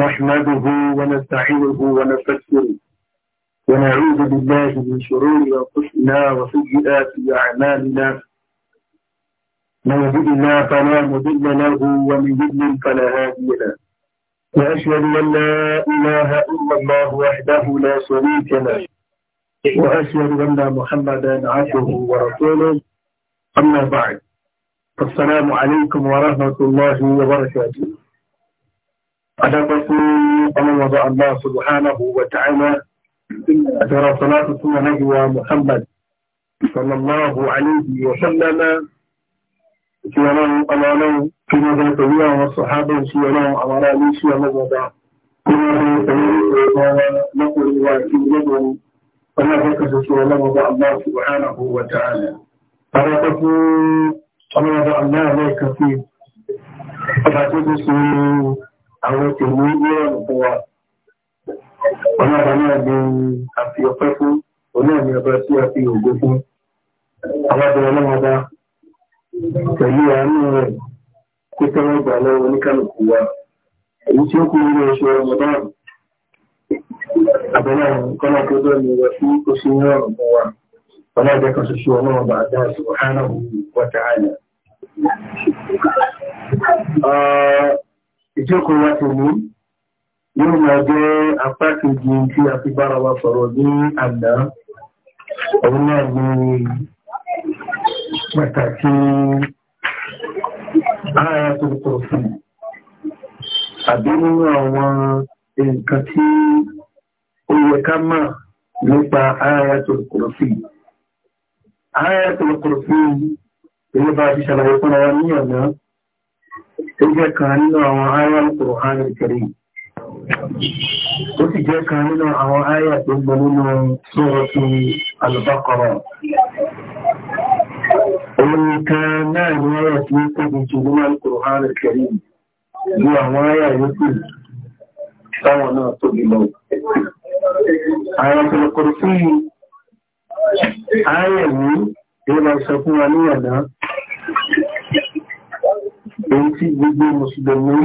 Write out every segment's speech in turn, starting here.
نحمده ونستعينه ونستغفره ونعوذ بالله من شرور انفسنا وسيئات اعمالنا من يهد الله فلا مضل له ومن يضلل فلا هادي له واشهد ان لا اله الا الله وحده لا شريك له واشهد ان محمدا عبده ورسوله اما بعد السلام عليكم ورحمه الله وبركاته adágbọ́ sí ọmọwọ́dọ̀ Allah subhanahu wa ta'ala àtàrà salatu fún anáyíwa Muhammad sallallahu alayhi wa sallama tí ọlọ́run ọlọ́run kí wọ́n bá pẹ̀lú àwọn sọ̀hábọ̀ sí ọlọ́run àwọn ará ilé sí ọlọ́wọ́dá kí wọ́n bá pẹ̀lú ọlọ́run lọ́kùnrin wa kí lọ́gbọ̀n ọlọ́run kẹsẹ̀ sí ọlọ́wọ́dọ̀ Allah subhanahu wa ta'ala. Àrẹ́kọ́ fún ọlọ́wọ́dọ̀ Allah lẹ́ẹ̀kan sí ọba tó ti sọ àwọn tí ní ìrọ̀rùn fún wa ọlọ́ba náà ni a fi ọpẹ́ fún onáà ni ọba tí a fi ògo fún alábẹ̀rẹ̀ náà bá pẹ̀lú àánú rẹ̀ kó tẹ́wọ́ gbà lọ́wọ́ oníkàlùkù wa èyí tí ó kú nínú oṣù ọmọdán àbẹ̀lẹ̀ kọ́nà tó bẹ́ẹ̀ ni rẹ̀ fún oṣù ìrọ̀rùn fún wa ọlọ́jẹ́ kan ṣoṣo ọlọ́ọ̀bà àdá subhanahu wa ta'ala ìjókòó wa ti mú yóò máa jẹ́ apá kejì tí a fi bára wa sọ̀rọ̀ ní àná òun náà ni pàtàkì ara tó tọ̀ fún àbí nínú àwọn nǹkan tí ó yẹ ká mọ̀ nípa ara tó tọ̀ fún ara tó tọ̀ fún ilé bá ti ṣàlàyé fúnra wa ní ọ̀nà ó jẹ́ kan nínú àwọn àyà Al-Qur'an Al-Karim ó sì jẹ́ kan nínú àwọn àyà tó gbọ́ nínú Suratu Al-Baqara òun kan náà ni àyà tí ó tóbi jù nínú Al-Qur'an ní àwọn àyà yòókù táwọn náà tóbi lọ àwọn ọ̀pọ̀lọpọ̀ sí àyà yìí èyí tí gbogbo mùsùlùmí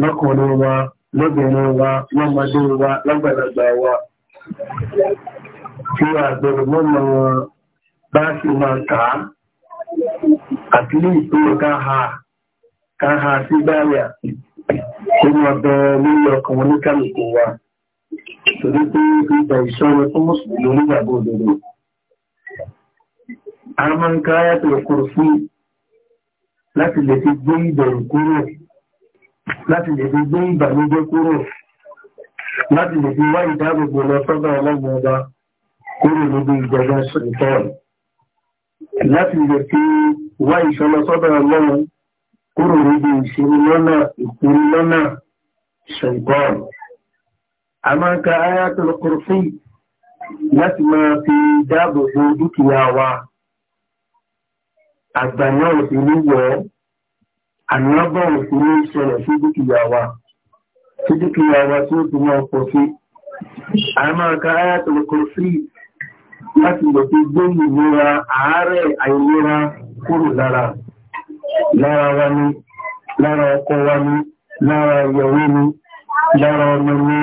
lọ́kùnrin wa lọ́bìnrin wa lọ́mọdé wa lágbàlagbà wa tí a gbọ́dọ̀ mọ́mọ́ wọn bá sì máa kà á àti ní ìpínlẹ̀ káha káha sí báyà kí wọ́n bẹ lórí ọkàn wọn ní kálukú wa torí pé ìgbà ìṣọ́ni fún mùsùlùmí onígbàgbọ́ òdodo. a máa ń ká ayàtọ̀ kùrùsí láti lè fi gbé ìbẹ̀rù kúrò láti lè fi gbé ìbànújẹ́ kúrò láti lè fi wá ìdáàbòbò lọ sọ́dọ̀ ọlọ́run ọba kúrò níbi ìjọba ṣètọ́ọ̀lù láti lè fi wá ìṣọ́lọ sọ́dọ̀ ọlọ́run kúrò níbi ìṣẹ́ni lọ́nà ìkúrú lọ́nà ṣètọ́ọ̀lù àgbà náà ò sì ní wọ̀ ọ́ ànábọ̀ ò sì ní ṣẹlẹ̀ sí dúkìá wa sí dúkìá wa tí ó fi máa pọ̀ sí. àmọ́ ká ayàtọ̀ kò sí láti lè fi gbé ìlera àárẹ̀ àìlera kúrò lára lára wa ni lára ọkọ wa ni lára ìyàwó ni lára ọmọ ni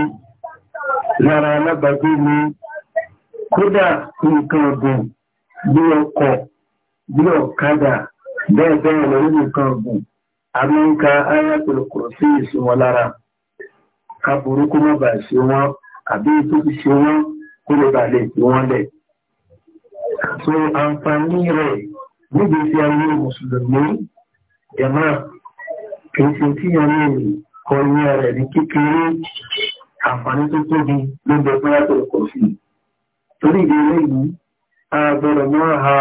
lára alábàágbé ni kódà nǹkan ọ̀gbìn bí ọkọ̀ bí ọ̀kadà bẹ́ẹ̀ bẹ́ẹ̀ lọ nínú nǹkan ọ̀gùn amẹ́ńkà ayatollah sí ìsúnmọ́ lára ká burúkú má bàa ṣe wọ́n àbí tó ti ṣe wọ́n kó lè bàa lè fi wọ́n lẹ̀. so àǹfààní rẹ̀ níbi tí a ní mùsùlùmí jẹ̀mọ́ kì í ṣe tí a ní ọyún rẹ̀ ní kékeré àǹfààní tó tóbi ló bẹ fún ayatollah sí. torí ìdílé yìí a gbọ́dọ̀ máa ha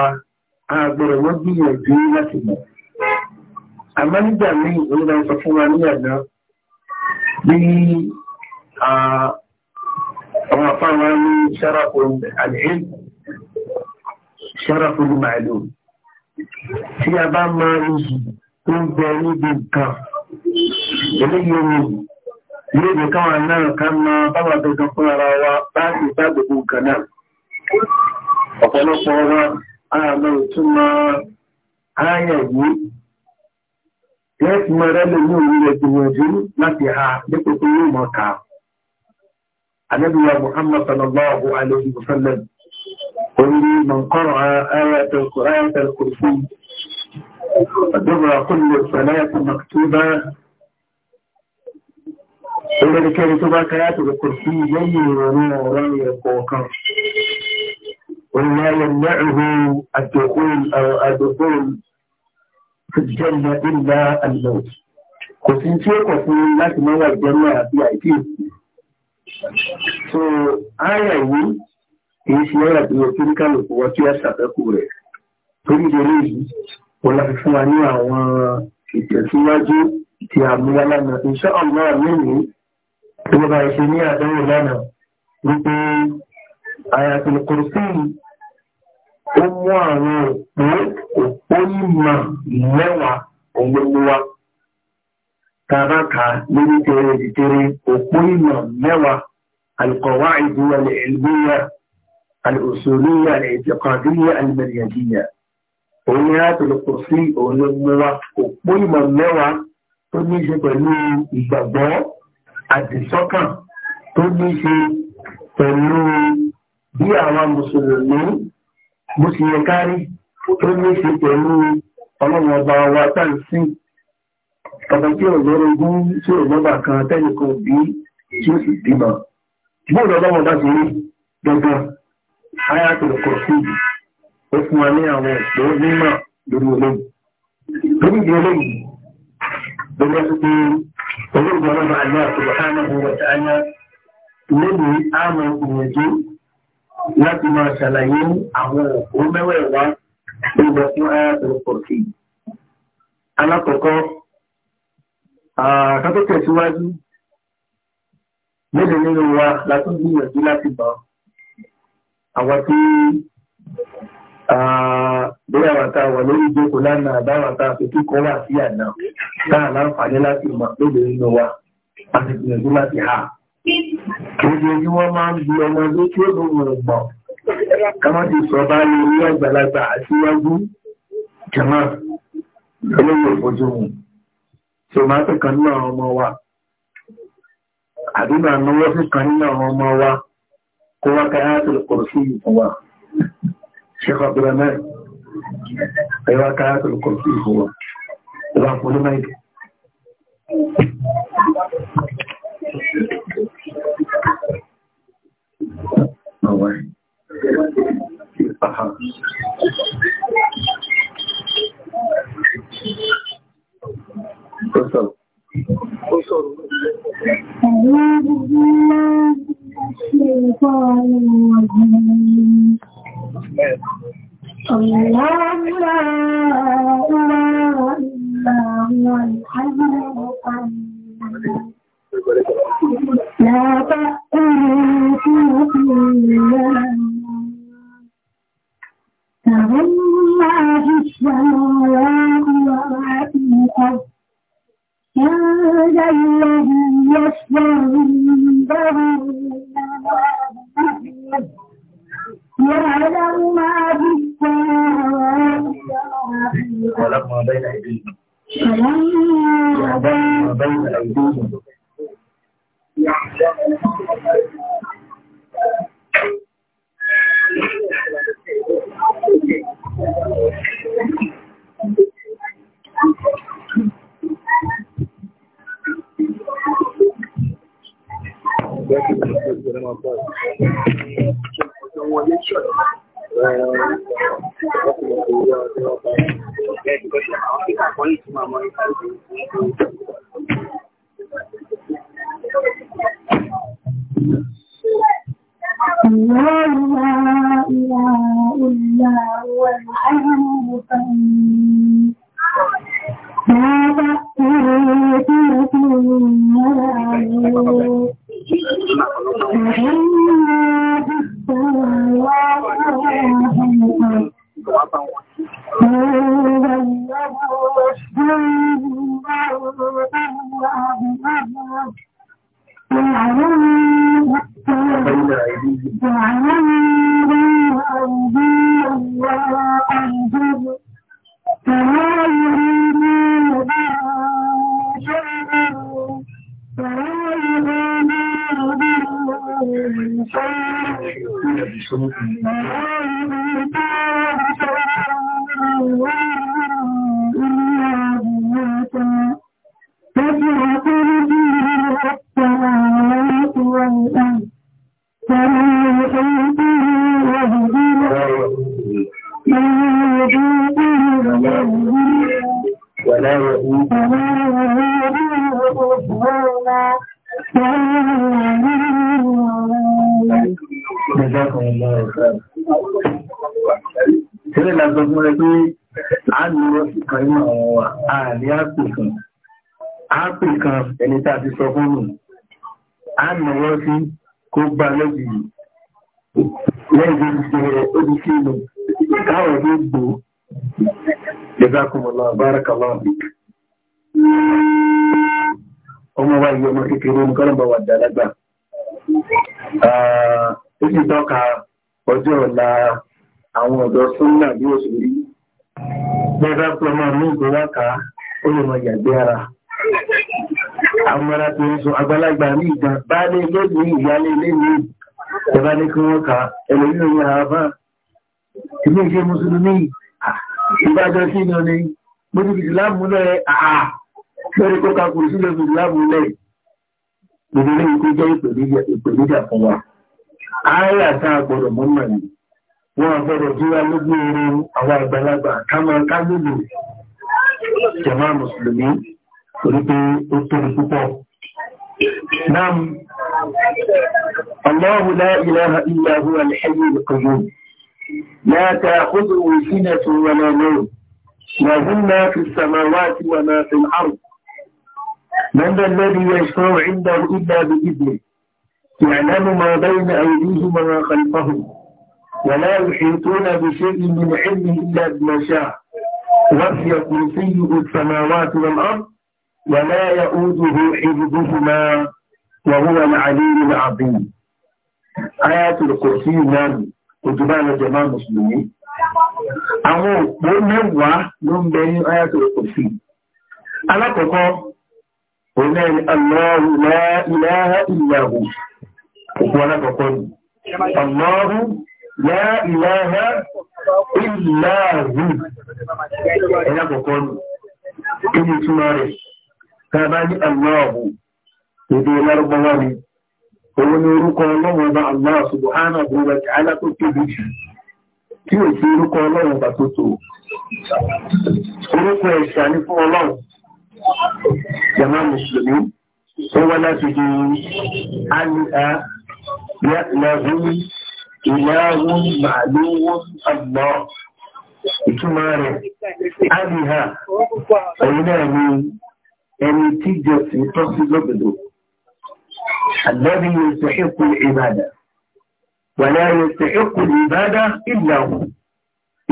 àgbọ̀rọ̀ wọ́n gbìyànjú láti mọ̀. àmọ́ nígbà míì olúwa sọ fún wa ní àná bí àwọn afáwa ní ṣáràpọ̀ àlẹ́ ṣáràpọ̀ ní màálù tí a bá máa ń yí náà ká máa báwa dandan fún ara wa bá sì bá ọ̀pọ̀lọpọ̀ ọ̀rọ̀ a ìtumọ̀ ayà yìí lẹ́tí mọ́ rẹ̀ lè ní orílẹ̀ ala tó sallallahu bá káyàtò kùrùsí ìrọ̀rùn ọ̀rọ̀ ولا يمنعه الدخول أو الدخول في الجنة إلا الموت kò sí tí ó kọ̀ fún láti mọ́wà ìjẹ́mọ́ àti àìkí so ara ìwé èyí sí ọ́rà tí ó kí ní kàlù wọ́n tí ó ṣàfẹ́kù rẹ̀ torí ìdèrè yìí wọ́n láti fún wa ní àwọn ìtẹ̀síwájú ti àmúyá lánàá iṣẹ́ mẹ́rin tí bá ṣe ní àdánwò lánàá wípé àyàtò kùrùsí ó mú àwọn òpó òpó ìmọ̀ mẹ́wàá ògbógbó wa tàbákà lórí tẹ̀rẹ̀ tẹ̀rẹ̀ òpó ìmọ̀ mẹ́wàá القواعد العلمية الأصولية الاعتقادية المنهجية òníyàt olùkùsí olómúwa òpó ìmọ̀ mẹ́wàá tó ní ṣe pẹ̀lú ìgbàgbọ́ àdìsọ́kàn tó ní bí àwọn mùsùlùmí bó ti yẹ kárí tó ní ṣe pẹ̀lú ọlọ́run ọba wa táìsí ọba tí ò lọ́rọ̀gún tí ò lọ́bà kan tẹ́nìkan bí tí ó sì bímọ bóòlù ọlọ́run bá ti rí dandan ayatollah kọ̀ọ̀síìdì ó fún wa ní àwọn ìpò mímọ̀ lórí olóyìn lórí ìdí olóyìn lórí ẹsùn pé òun wọ̀ta ányá lónìí àmọ́ ìgbìyànjú láti máa ṣàlàyé àwọn òkú mẹ́wẹ̀ẹ̀wá nígbà tí wọ́n yára tó pọ̀ sí. Alákọ̀ọ́kọ́, àkọ́kọ́ tẹ̀síwájú, mélòó nínú wa látún gbìyànjú láti bọ̀. Àwọn tí bí àwọn tá a wà lórí ìjókòó lánàá àbáwọn tá a fi kíkọ́ wà sí àná tá a láǹfààní láti mọ̀ lóde nínú wa, a sì gbìyànjú láti hà ojoojúmọ́ máa ń bi ọmọdé tí ó lóun ọ̀gbọ̀n kọ́mọ́ ti sọ bá lè rí àgbàlagbà àtiwájú jẹ̀mọ́ lọ́lọ́wọ́ ìfojú mu tó máa fẹ́ kan nínú àwọn ọmọ wa àdúgbò ànáwọ́ fún kan nínú àwọn ọmọ wa kó wá káyà tó lè kọ̀ọ̀ sí ìfún wa ṣẹ́kọ̀ abúlé náà ẹ wá káyà tó lè kọ̀ọ̀ sí ìfún wa ẹ wá fún All right. Uh-huh. So, so. الله لا إله إلا هو الحي rántí kó gbá lẹ́yìn lẹ́yìn ìṣẹ̀lẹ̀ oníṣẹ́ ìlú káwọn tó gbò jẹ́dákùnmọ̀lá bárakàlá ọmọ wa yìí ọmọ kékeré ní wà ó sì tọ́ka ọjọ́ ọ̀la àwọn ọ̀dọ́ òṣèlú bẹ́ẹ̀ bá ní ó lè mọ ara àwọn arákùnrin sọ àgbàlagbà ní ìgbà bá lé ilé ní ìyálé ilé ní ìjọba ní kí wọ́n kà ẹlòmínú ní àbá ilé iṣẹ́ mùsùlùmí ìbájọ́ sí iná ni mo ti fìdí lámúlẹ̀ àà lórí kó kakù sí lè fìdí lámúlẹ̀ gbogbo lẹ́yìn tó jẹ́ ìpèníjà fún نعم الله لا إله إلا هو الحي القيوم لا تأخذه سنة ولا نوم ما هم في السماوات وما في الأرض من الذي يشفع عنده إلا بإذنه يعلم ما بين أيديهم وما خلفهم ولا يحيطون بشيء من علمه إلا بما شاء وفي كرسيه السماوات والأرض ولا يؤوده حفظهما وهو العلي العظيم آيات الكرسي náà òjòbá ìlọ́jọba mùsùlùmí àwọn òpó mẹ́wàá ló ń bẹ ní آية الكرسي alákọ̀ọ́kọ́ òun náà ni Allahu la ilaha illa hu òpó alákọ̀ọ́kọ́ ni Allahu la ilaha illa hu ni kí ni túmọ̀ rẹ̀ ká bá ní aláàbò èdè lárúbáwá ni òun ni orúkọ ọlọ́run ọba aláà subuhánà bùrọ̀bà tí alákòókò jù tí ò sí orúkọ ọlọ́run ọba tó tó orúkọ ẹ̀ṣà ní fún ọlọ́run jama mùsùlùmí ó wá láti di alìhà lẹ́hùn ìlàhùn màlúwọ́n àgbà ìtumọ̀ rẹ̀ alìhà ẹ̀yìn náà ni ẹni tí jọsìn tọ́ sí lọ́gbẹ̀dọ̀. Àdábì yóò ṣe ẹ̀kú ìbàdà. Wàlá yóò ṣe ẹ̀kú ìbàdà ìlàwó.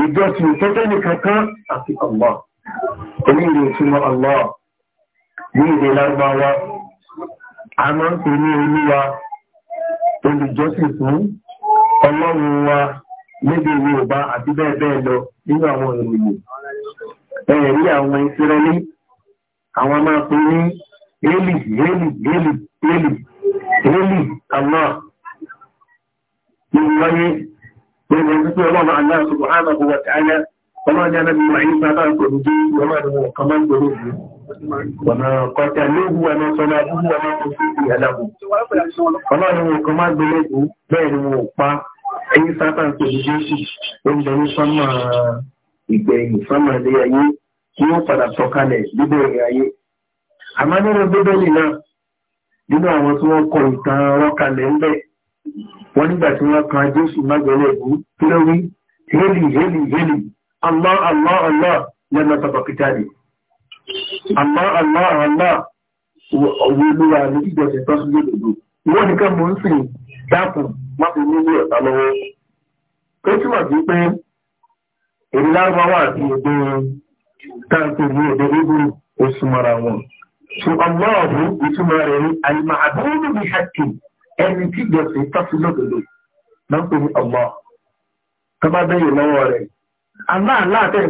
Ìjọsìn tọ́tọ́ ní kankan àti Allah. Omi ìlú ìtumọ̀ Allah ní ìdè lágbára. A máa ń pè ní olúwa olùjọsìn fún ọlọ́run wa níbi ìwé ọba àti bẹ́ẹ̀ bẹ́ẹ̀ lọ nínú àwọn ìròyìn. Ẹ̀rí àwọn ìsirẹ́lẹ́ àwọn máa pè ní heli heli heli heli heli àmọ́ nínú wáyé nínú ẹni tí ọlọ́run aláà sọ hánà kò wọ̀tí ayá ọmọ ní anábì máa yí sábà ń pẹ̀lú jẹ́ ọmọ ní wọn kan máa ń pẹ̀lú ìlú ọ̀nà kọjá lóògùn ẹ̀nà sọ́nà àbúrú ọmọ tó fi ìdí aláàbò ọlọ́run wọn kan máa ń gbélé ìlú bẹ́ẹ̀ ni wọn pa ẹyí sábà ń pẹ̀lú jésù ní sọ́mà ìgbẹ̀yìn sọ́mà ilé ayé tí ó padà sọkalẹ̀ níbẹ̀rẹ̀ ayé. Àmá nínú bíbélì náà, nínú àwọn tí wọ́n kọ ìtàn rọ́kalẹ̀ ń bẹ̀, wọ́n nígbà tí wọ́n kan Jésù mágbẹ̀lẹ̀ tí ó wí, Hélì, Hélì, Hélì, Allah, Allah, Allah, lẹ́nu Allah, Allah, Allah, òwe olúwa ní ìjọsìn tó sún lódodo. nìkan mò ń sìn táǹkì ní èdè ibu ó súnmọ́ra wọn. so ọlọ́ọ̀bù ìtumọ̀ rẹ̀ ní àyìnbá àbúrò bí hàkì ẹni tí ìjọsìn tọ́sí lọ́dọ̀dọ̀ náà pè ní ọlọ́ tọ́ba bẹ́yìn lọ́wọ́ rẹ̀. àmọ́ aláàtẹ̀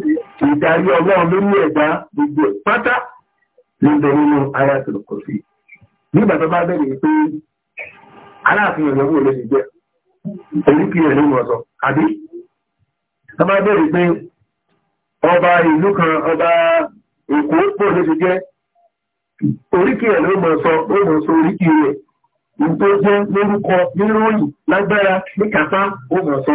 ti ìdarí ọlọ́run lórí ẹ̀dá gbogbo pátá níbẹ̀ nínú ara tó kò sí nígbà tó bá bẹ̀rẹ̀ pé aláàfin ìyọ̀wó ló ti jẹ́ oríkì rẹ̀ ló mọ̀ sọ àbí tó bá bẹ̀rẹ̀ pé ọba ìlú kan ọba èkó pò ló ti jẹ́ oríkì rẹ̀ ló mọ̀ sọ ó mọ̀ sọ oríkì rẹ̀ nítorí jẹ́ lórúkọ níròyìn lágbára ní kàtá ó mọ̀ sọ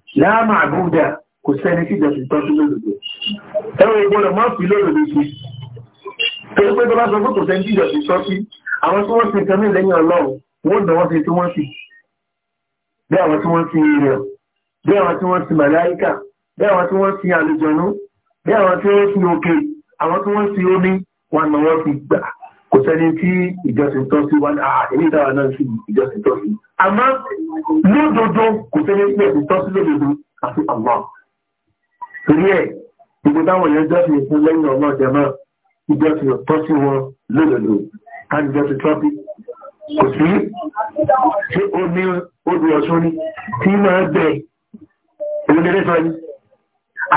láàmà àbúdà kò sẹ́ni sí ìjọsìn tọ́jú lódodo ẹ̀rọ ìgbọ́dọ̀ má fi lódodo sí torí pé tó bá sọ pé kò sẹ́ni sí ìjọsìn tọ́jú àwọn tí wọ́n ti kan ní lẹ́yìn ọlọ́run wọ́n dán wọ́n ti tí wọ́n ti bí àwọn tí wọ́n ti rẹ̀ bí àwọn tí wọ́n ti màláíkà bí àwọn tí wọ́n ti àlùjọ̀nú bí àwọn tí wọ́n ti òkè àwọn tí wọ́n ti omi wọn náà wọ́n ti gbà kò sẹ́ni tí ìjọsìn tọ́ sí wọn àìní ìdára náà sí ìjọsìn tọ́ sí àmọ́ lódodo kò sẹ́ni tí ẹ̀sìn tọ́ sí lódodo àti àmọ́ torí ẹ̀ gbogbo táwọn èèyàn jọ́sìn fún lẹ́yìn ọ̀nà ìjẹmọ́ ìjọsìn tọ́ sí wọn lódodo láti jọ́sìn tọ́ sí kò sí ṣé ó ní odò ọ̀ṣun ni tí máa bẹ̀ ìrìnlẹ̀ sọ ni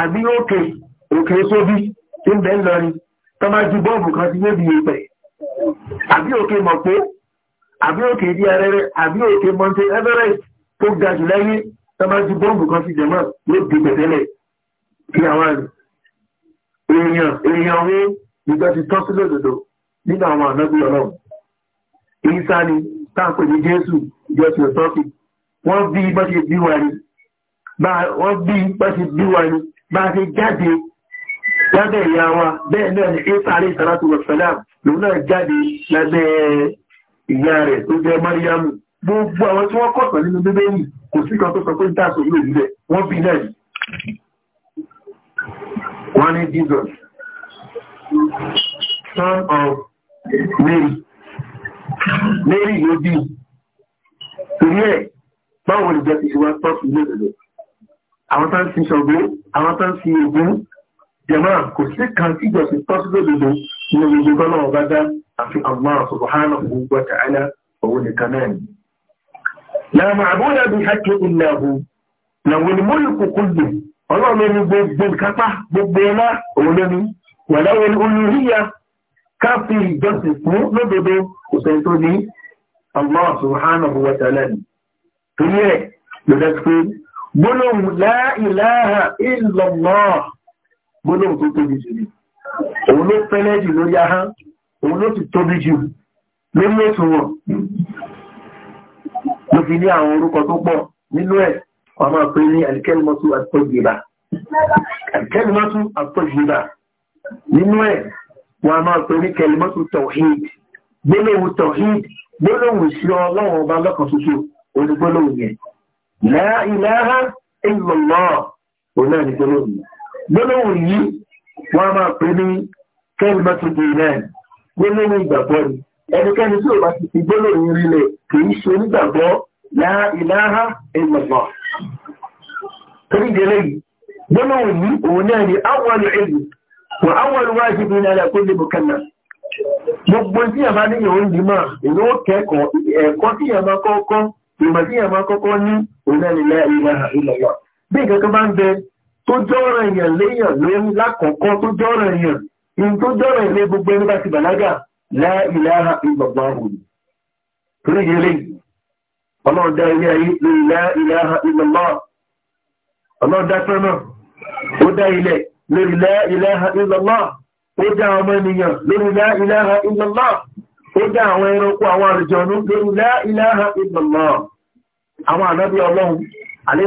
àbí òkè òkè sóbí tí ń bẹ̀ ń lọ ni tọ́ máa ju bọ́ọ̀bù kan sí méjì ìpẹ̀ àbí òkè mọ̀pó àbí òkè ìdí ẹrẹ́rẹ́ àbí òkè mọ́nté everest tó ga jù lẹ́yìn tọ́bá ju bọ́ǹbù kan sí jẹ̀mọ́ ló di pẹ̀tẹ́lẹ̀ kí àwọn èèyàn èèyàn wé nígbà tí tọ́ sí lòdòdó nínú àwọn ànábì ọlọ́run ìsá ni táàpè ní jésù ìjọ ti ọ̀tọ́kì wọ́n bí bá ṣe bí wa ni wọ́n bí bá ṣe bí wa ni bá ṣe jáde lábẹ́ ìyá wa bẹ́ẹ̀ náà ni ìsá àlè ìsàlátù wọ̀sálàmù lòun jáde lábẹ́ ìyá rẹ̀ tó jẹ́ Mariamu gbogbo àwọn tí wọ́n kọ̀tàn nínú bíbélì kò sí kan tó sọ pé dáàsọ yóò nílẹ̀ wọ́n bí náà yìí wọ́n ní Jesus son of Mary Mary ló bí torí ẹ̀ báwo lè jẹ́ ìṣúwá tọ́sí ilé ìlú àwọn tán ti ṣọ̀gbé àwọn tán ti ègún jẹ̀mọ́ kò sí kan tí ìjọsìn tọ́sí lódodo nínú gbogbo tọ́lọ̀ ọba dá àfi Allah subhanahu wa ta'ala òun nìkan náà ni. la ma'buda bi haqqin illa hu lahul mulku kullu ọlọ́run ní gbogbo kápá gbogbo ọlá òun lẹ́nu wà láwọn olùríyà káfí ìjọsìn fún lódodo kò sẹ́ni tó ní Allah subhanahu wa ta'ala ni. torí ẹ̀ ló la ilaha illa Allah gbólóhùn tó tóbi òun ló pẹ́lẹ́ jù lórí ahán òun ló ti tóbi jù lórí òṣùwọ̀n mo fi ní àwọn orúkọ tó pọ̀ nínú ẹ̀ wọ́n máa pè ní alikẹ́lùmọ́tú àtọ́jìlá alikẹ́lùmọ́tú àtọ́jìlá nínú ẹ̀ wọ́n máa pè ní kẹlùmọ́tú tọ̀hìd gbólóhùn tọ̀hìd gbólóhùn sí ọlọ́run ọba lọ́kàn ṣoṣo onígbólóhùn yẹn láìláha ìlọ̀lọ́ òun náà ní gbólóhùn yìí wọ́n máa pè ní kẹ́lìmọ́tò dìínẹ́ẹ̀ gbólóhùn ìgbàgbọ́ ni ẹnikẹ́ni tí ò bá ti fi gbólóhùn rílẹ̀ kìí ṣe onígbàgbọ́ láìláha ìmọ̀gbọ́ torí ìdílé yìí gbólóhùn yìí òun náà ni àwọn ìlú wà àwọn wájú bí náà kó lè bùkánná gbogbo tí yàrá níyàn ó ní kẹ́kọ̀ọ́ ẹ̀kọ́ tí yàrá kọ́kọ́ ìmọ̀ tí yàrá kọ́kọ́ ní òun náà ni bí bá ń bẹ tó jọ́rọ̀ èèyàn léèyàn lórí lákọ̀ọ́kọ́ tó jọ́rọ̀ èèyàn in tó jọ́rọ̀ ilé gbogbo ẹni bá ti bàlágà láìláha ìgbàgbà òní torí yẹlé ọlọ́ọ̀dá ilé ayé lórí láìláha ìgbàgbà ọlọ́ọ̀dá sọ́nà ó dá ilẹ̀ lórí láìláha ìgbàgbà ó dá ọmọ ènìyàn lórí ó dá àwọn ẹranko àwọn lórí àwọn ànábì ọlọ́run àlẹ́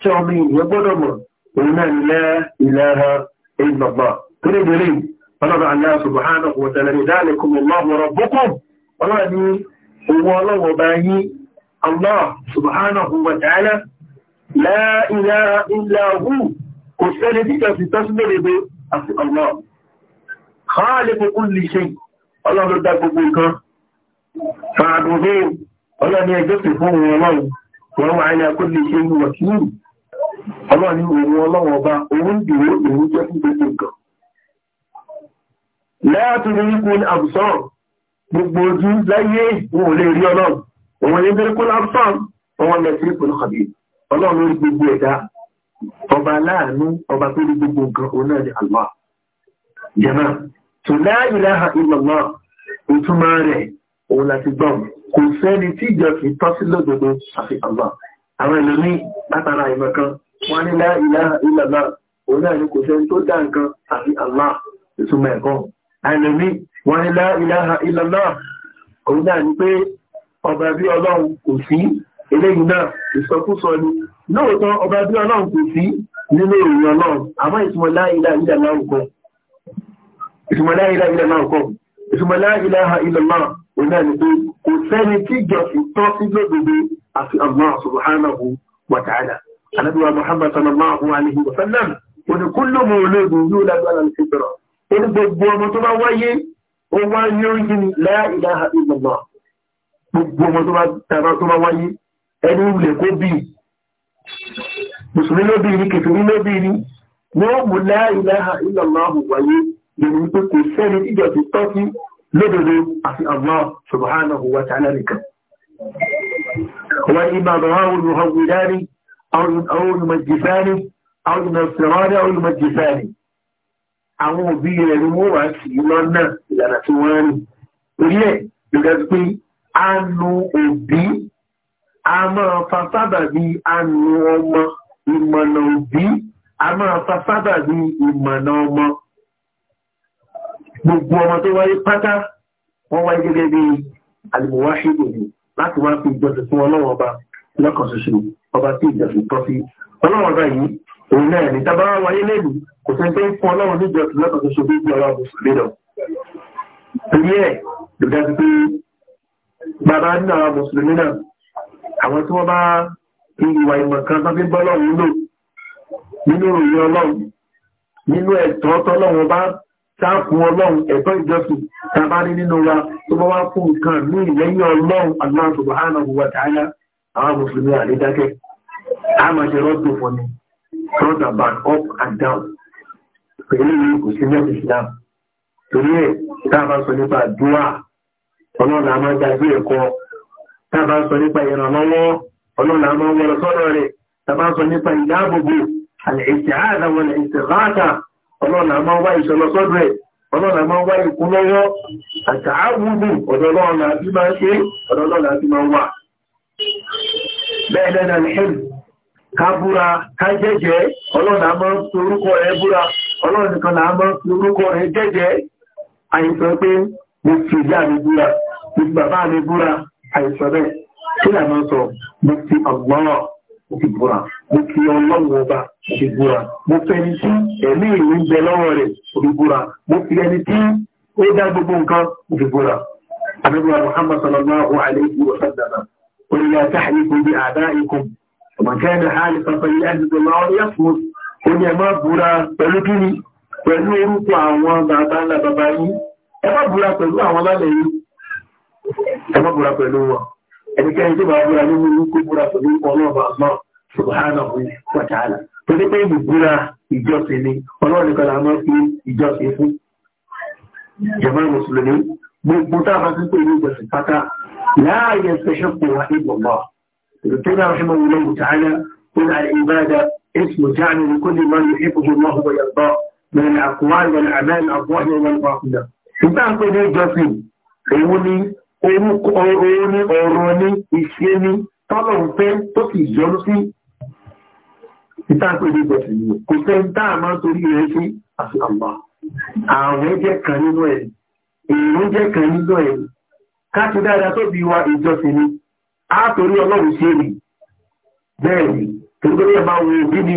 tí ọmọ ènìyàn gbọ́dọ̀ mọ̀ òun náà ilẹ̀ ilẹ̀ ìgbàgbà tó lè bèrè ọlọ́rọ̀ Allah subhanahu wa ta'ala dhalikum Allahu rabbukum ọlọ́rọ̀ ní owó ọlọ́wọ̀ bá yí Allah subhanahu wa ta'ala la ilaha illa hu kò sẹ́ni tí kẹfì tọ́sílẹ̀ àti Allah khaliqu kulli shay ọlọ́rọ̀ dá gbogbo nǹkan fàádùn bẹ́ẹ̀ ọlọ́rọ̀ ẹjọ́ sì fún wọn lọ́wọ́ wọn wà ní akọ́lẹ̀ ṣe wọ̀kíyìn ọlọ́run ní òun ọlọ́run ọba òun dìrò òun jẹ́ fún gbogbo nǹkan láàtún ní kú ní àbùsọ́rọ̀ gbogbo ojú láyé wọn ò lè rí ọlọ́run òun ní bẹ́rẹ̀ kú lábùsọ́rọ̀ ọwọ́n lẹ́sí ìpínlẹ̀ kàbí ọlọ́run lórí gbogbo ẹ̀dá ọba láàánú ọba tó rí gbogbo nǹkan òun náà ní àlọ́ jẹ́mà tó láti gbọ́n kò sẹ́ni tí ìjọ fi tọ́ sí lódodo àfi àlọ́ àwọn ẹlòmíì látara ìmọ̀ kan wọ́n ní la ilaha illallah òun náà ni kò sẹ́ni tó dá nǹkan àti Allah ìtumọ̀ ẹ̀kọ́ àìlèmí wọ́n ní la ilaha illallah òun náà ni pé ọba bí ọlọ́run kò sí eléyìí náà ìsọkúsọ ni lóòótọ́ ọba bí ọlọ́run kò sí nínú èèyàn náà àmọ́ ìtumọ̀ la ilaha illallah kọ́ ìtumọ̀ la ilaha illallah kọ́ ìtumọ̀ la ilaha illallah òun náà ni pé kò sẹ́ni tí ìjọsìn anábíwá muhammad sallallahu alaihi wa sallam ó ní kúlò mọ̀ olóògùn yóò lágbára ní fífẹ́rọ̀ ó ní gbogbo ọmọ tó bá wáyé ó wá ní oúnjẹ ní la ilaha illallah gbogbo ọmọ tó bá wáyé ẹni ilẹ̀ kó bí mùsùlùmí ló bí ní kẹfìrí ló bí ní wọ́n mú la ilaha wáyé lẹ́nu pé kò sẹ́ni ìjọ ti tọ́ sí lódodo àfi Allah subhanahu wa ta'ala nìkan. Wọ́n ní bàbá wa wọ́n أو يمجسانه أو ينصرانه أو يمجسانه àwọn òbí rẹ̀ ni wọ́n wá sí lọ́nà ìlànà tí wọ́n rí orí ẹ̀ lọ́dọ̀ pé anu òbí a máa fa sábà bí anu ọmọ ìmọ̀nà òbí a máa fa sábà bí ìmọ̀nà ọmọ gbogbo ọmọ tó wáyé pátá wọ́n wáyé gẹ́gẹ́ bí alìmọ̀wáṣẹ́ ìgbòho láti wá fi ìjọsìn fún ọlọ́wọ́ ọba lọ́kàn ṣoṣo ọba tí ìjọsìn tọ́ sí ọlọ́run ọba yìí òun náà ní tábà wáyé lẹ́nu kò sẹ́ni tó ń fún ọlọ́run níjọsìn lọ́tọ̀ tó ṣojú bí ọlọ́run mùsùlùmí lọ. torí ẹ̀ ló dájú pé bàbá nínú àwọn mùsùlùmí náà àwọn tí wọ́n bá ìwà ìmọ̀ kan tó fi bọ́ lọ́run lò nínú ìròyìn ọlọ́run nínú ẹ̀tọ́ tọ́lọ́run bá sáàkùn ọlọ́run ẹ̀tọ́ ìjọsìn tàbá ní nínú wa tó bá wá fún nǹkan ní ìlẹ́yìn ọlọ́run aláàbò àánà òwò àtàlá àwọn mùsùlùmí àrídákẹ́ àmà ṣe rọ́tò fún ni front and back up and down pẹ̀lú kò sí mẹ́sì islam torí ẹ̀ táàbà sọ nípa dúà ọlọ́run àmà dájú ẹ̀kọ́ táàbà sọ nípa ìrànlọ́wọ́ ọlọ́run àmà wọlọ sọ́dọ̀ rẹ̀ táàbà sọ nípa ìdáàbòbò àlẹ́sẹ̀ àdáwọn ẹ̀sẹ̀ ráàtà ọlọ́run àmà wá ìṣọlọsọ́dọ̀ ẹ̀ ọlọ́run àmà wá ìkúnlọ́wọ́ àtàáwùdù ọ̀dọ̀ ọlọ́run àti máa ṣe ọ̀dọ̀ ọlọ́run àti máa wà bẹ́ẹ̀ náà ní ẹ̀lú ka búra ká jẹ́jẹ́ ọlọ́run àmọ́ fi orúkọ rẹ̀ búra fi orúkọ rẹ̀ jẹ́jẹ́ àìsàn pé mo fi ìyá mi búra mo fi bàbá mi búra àìsàn bẹ́ẹ̀ kí làmọ́ sọ mo fi àgbọ́rọ̀ mo fi búra mo fi ọlọ́run ọba mo fi búra mo tí ẹ̀mí bẹ lọ́wọ́ rẹ̀ mo fi búra mo fi ẹni tí ó dá gbogbo nǹkan mo fi búra. قل لا تحلفوا بآبائكم ومن كان حالفا فليحلف الله أو ليصمت قل يا ما بورا pẹ̀lú kíni pẹ̀lú orúkọ àwọn bàbá ńlá bàbá yín ẹ má búra pẹ̀lú àwọn lálẹ́ yìí ẹ má búra pẹ̀lú wọn ẹnikẹ́ni tó bá búra nínú orúkọ búra pẹ̀lú ọlọ́ọ̀bà náà subhanahu wa ta'ala tó ní pé ìbúra ìjọsìn ni ọlọ́run nìkan là máa fi ìjọsìn fún jàmáà mùsùlùmí gbogbo tá a bá ti ń pè ní ìjọsìn pátá لا يستشق وحيد الله الدكتور رحمه الله تعالى قل على العبادة اسم جعل لكل ما يحبه الله ويرضاه من الأقوال والأعمال الظاهرة والباطنة ṣùgbọ́n pé ní ìjọsìn òun ni orúkọ òun ni ọ̀rọ̀ ni ìṣe ni tọ́lọ̀ ń fẹ́ tó sì yọrú sí ìtàpé ní ìjọsìn ni kò fẹ́ ń tá àmá torí rẹ̀ sí àṣìkàmbà ààrẹ jẹ́ kan nínú ẹ̀ èrò jẹ́ kan nínú ẹ̀ káàkiri dáadáa tó bí wa ìjọsìn ni a torí ọlọ́run ṣe rí bẹ́ẹ̀ ni torí ẹ máa wo òbí ni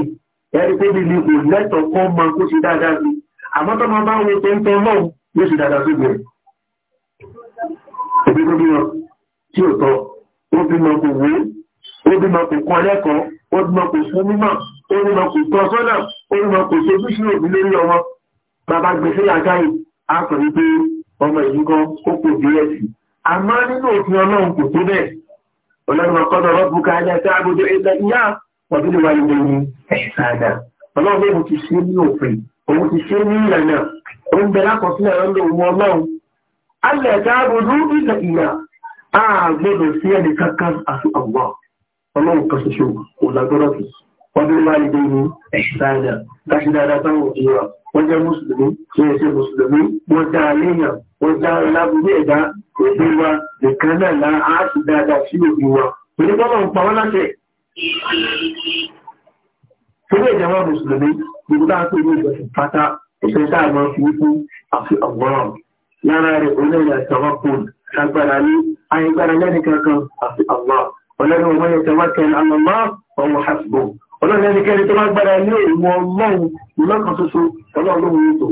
ẹni tó bí ni kò lẹ́tọ̀ọ́ kọ́ mọ kó ṣe dáadáa sí àmọ́ tó máa bá wo tó ń tọ́ lọ́run yóò ṣe dáadáa sí bẹ̀rẹ̀ òbí tó bímọ tí ò tọ́ ó bímọ kò wé ó bímọ kò kọ́ lẹ́kọ̀ọ́ ó bímọ kò fún mímọ̀ ó bímọ kò tọ́ sọ́nà ó bímọ kò ṣe ojúṣe òbí lórí ọmọ bàbá gbèsè àgáyé á sọ wípé ọmọ ìlú kan ó kò bí ẹ̀sìn àmọ́ nínú òfin ọlọ́run kò tó bẹ́ẹ̀ ọlọ́run ọkọ́dọ̀ rọ́bùkà ajá tí agbójó ilẹ̀ ìyá ọdún ìwà ilẹ̀ ní ẹ̀sàdà ọlọ́run lóòrùn ti ṣe ní òfin òun ti ṣe ní ìlànà òun bẹ lákọsílẹ̀ ọlọ́run ọlọ́run alẹ̀ tí agbójó ilẹ̀ ìyá a gbọ́dọ̀ sí ẹni kankan àti ọgbọ́n ọlọ́run kan ṣoṣo kò lágbọ́dọ̀ fi ọdún ìwà ilẹ̀ ní ẹ̀sàdà dáṣídáadáa táwọn òjò wọ́n jẹ́ mùsùlùmí kí ẹ ṣe mùsùlùmí wọ́n dá léèyàn wọ́n dá lábúlé ẹ̀dá òbí wa nìkan náà lá á sì dáadáa sí òbí wa onígbọ́nà ń pa wọ́n láṣẹ. Fúnlé ìjọba mùsùlùmí gbogbo tá a pè ní ìjọsìn pátá ìṣẹ́ tá a máa fi wípé àfi ọ̀gbọ́n lára rẹ̀ onílẹ̀ ìjọba kùn lágbára ní ayégbára lẹ́nìkankan àfi ọ̀gbọ́n ọlọ́run ọmọ yẹn tẹ́wọ́ kẹ́ ọlọ́run ẹnikẹ́ni tó bá gbára ní òun ọlọ́run lọ́kàn ṣoṣo ọlọ́run ètò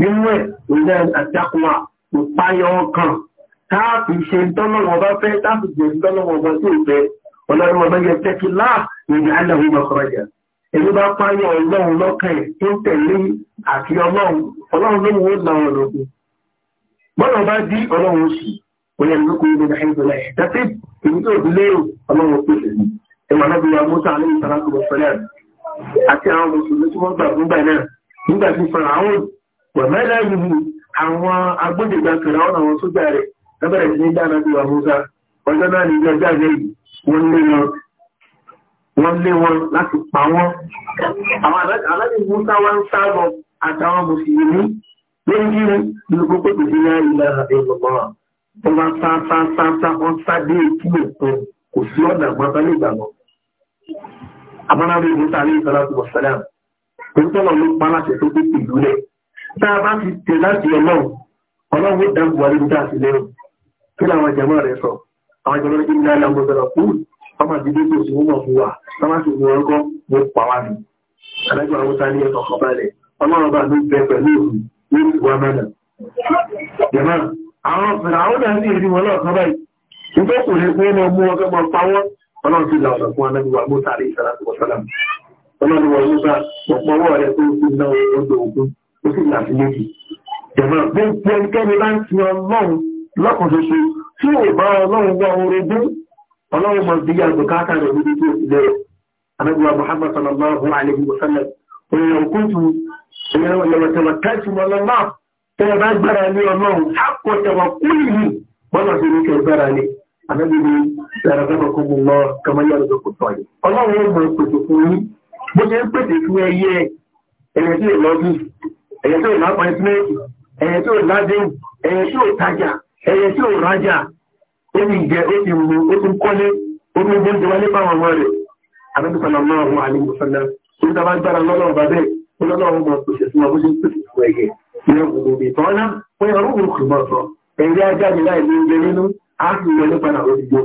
nínú ẹ̀ ìlẹ̀ àjákùnwà ìpáyọ ọkàn táàfi ṣe tọ́lọ́wọ́ bá fẹ́ táàfi jẹ́ tọ́lọ́wọ́ bá sí ìfẹ́ ọlọ́run ọba yẹ tẹ́kí láà ìdí aláwọ̀ mọ̀kọ̀rọ̀jà èyí bá páyọ ọlọ́run lọ́kàn ẹ̀ tó tẹ̀lé àti ọlọ́run ọlọ́run ló wọ́n la wọn lọ́kù bọ́lá bá dí ọlọ́run sí òyìnbó ìmọ̀lẹ́bí ya mọ́ta ní ìtàlákù ọ̀fẹ́lẹ̀ àti àwọn mùsùlùmí tí wọ́n gbà nígbà náà nígbà tí faraon pẹ̀mẹ́lẹ́ yìí àwọn agbódègbà faraon àwọn sójà rẹ̀ lọ́bẹ̀rẹ̀ sí ní dáná bí wa mọ́ta ọjọ́ náà ní ilé jáde wọ́n lé wọn wọ́n lé wọn láti pa wọ́n àwọn alábì mọ́ta wá ń sáàbọ̀ àtàwọn mùsùlùmí lórí gbogbo pẹ̀lú ìlànà ìlànà ìlànà wọn bá sá sá sá sá wọn sá dé ìkílẹ̀ pẹ̀lú kò sí ọ̀nà àgbàtà ní ìgbàgbọ́. Abọ́láwé Musa ní ìsọ́láṣù Bọ̀sálàm, òǹtọ́nà ló pa láṣẹ tó tètè lúlẹ̀. Tá a bá ti tẹ̀ láti ọlọ́run, ọlọ́run ó dá Buhari Musa sí lẹ́rù. Kí làwọn jàmọ́ rẹ̀ sọ? Àwọn jàmọ́ rẹ̀ ní láìla gbọ́dọ̀ kú. Ọmọ àti dídí òsì mú mọ̀ fún wa. Tọ́lá sì mú ọgọ́ mú pa wá ní. Adájọ́ àwọn Musa ní ẹ̀kọ́ kan Ọlọ́run bá mi bẹ pẹ̀lú òun ní ìwà mẹ́rin. Jàmọ́, àwọn fìràwọ́n náà sì rí nígbà kò ní pé wọ́n mú ọkẹ́ máa pa wọ́n ọlọ́run ti làwọn fún anábíwá mọ́tà àlè ìsàlátù wọ́sálàmù ọlọ́run wọ́n mú bá ọ̀pọ̀ ọwọ́ rẹ̀ tó ti ná ọdọ̀ ogun ó sì là sí méjì jẹ̀mọ́ bí pẹ́ńkẹ́ni bá ń ti ọlọ́run lọ́kàn ṣoṣo tí ò bá ọlọ́run wá orogún ọlọ́run mọ̀ ní kẹ́ gbára ní ànábìbí yàrá dábà kó mú lọ kàmá yàrá tó kó tọ́ yìí. ọlọ́run ó mọ pèsè fún yín bó ṣe ń pèsè fún ẹyẹ ẹyẹ tí ò lọ́dún ẹyẹ tí ò lápá ẹsìmẹ́ẹ̀tì ẹyẹ tí ò ládéhùn ẹyẹ tí ò tajà ẹyẹ tí ò rájà ó ti jẹ ó ti mú ó ti kọ́lé ó ti gbé ń wálé fáwọn ọmọ rẹ̀ àbẹ́bùsọ̀nà ọlọ́run àlèmùsọ̀nà ó ti dábàá gbára lọ́lọ́run á sì wọlé padà òdìjọ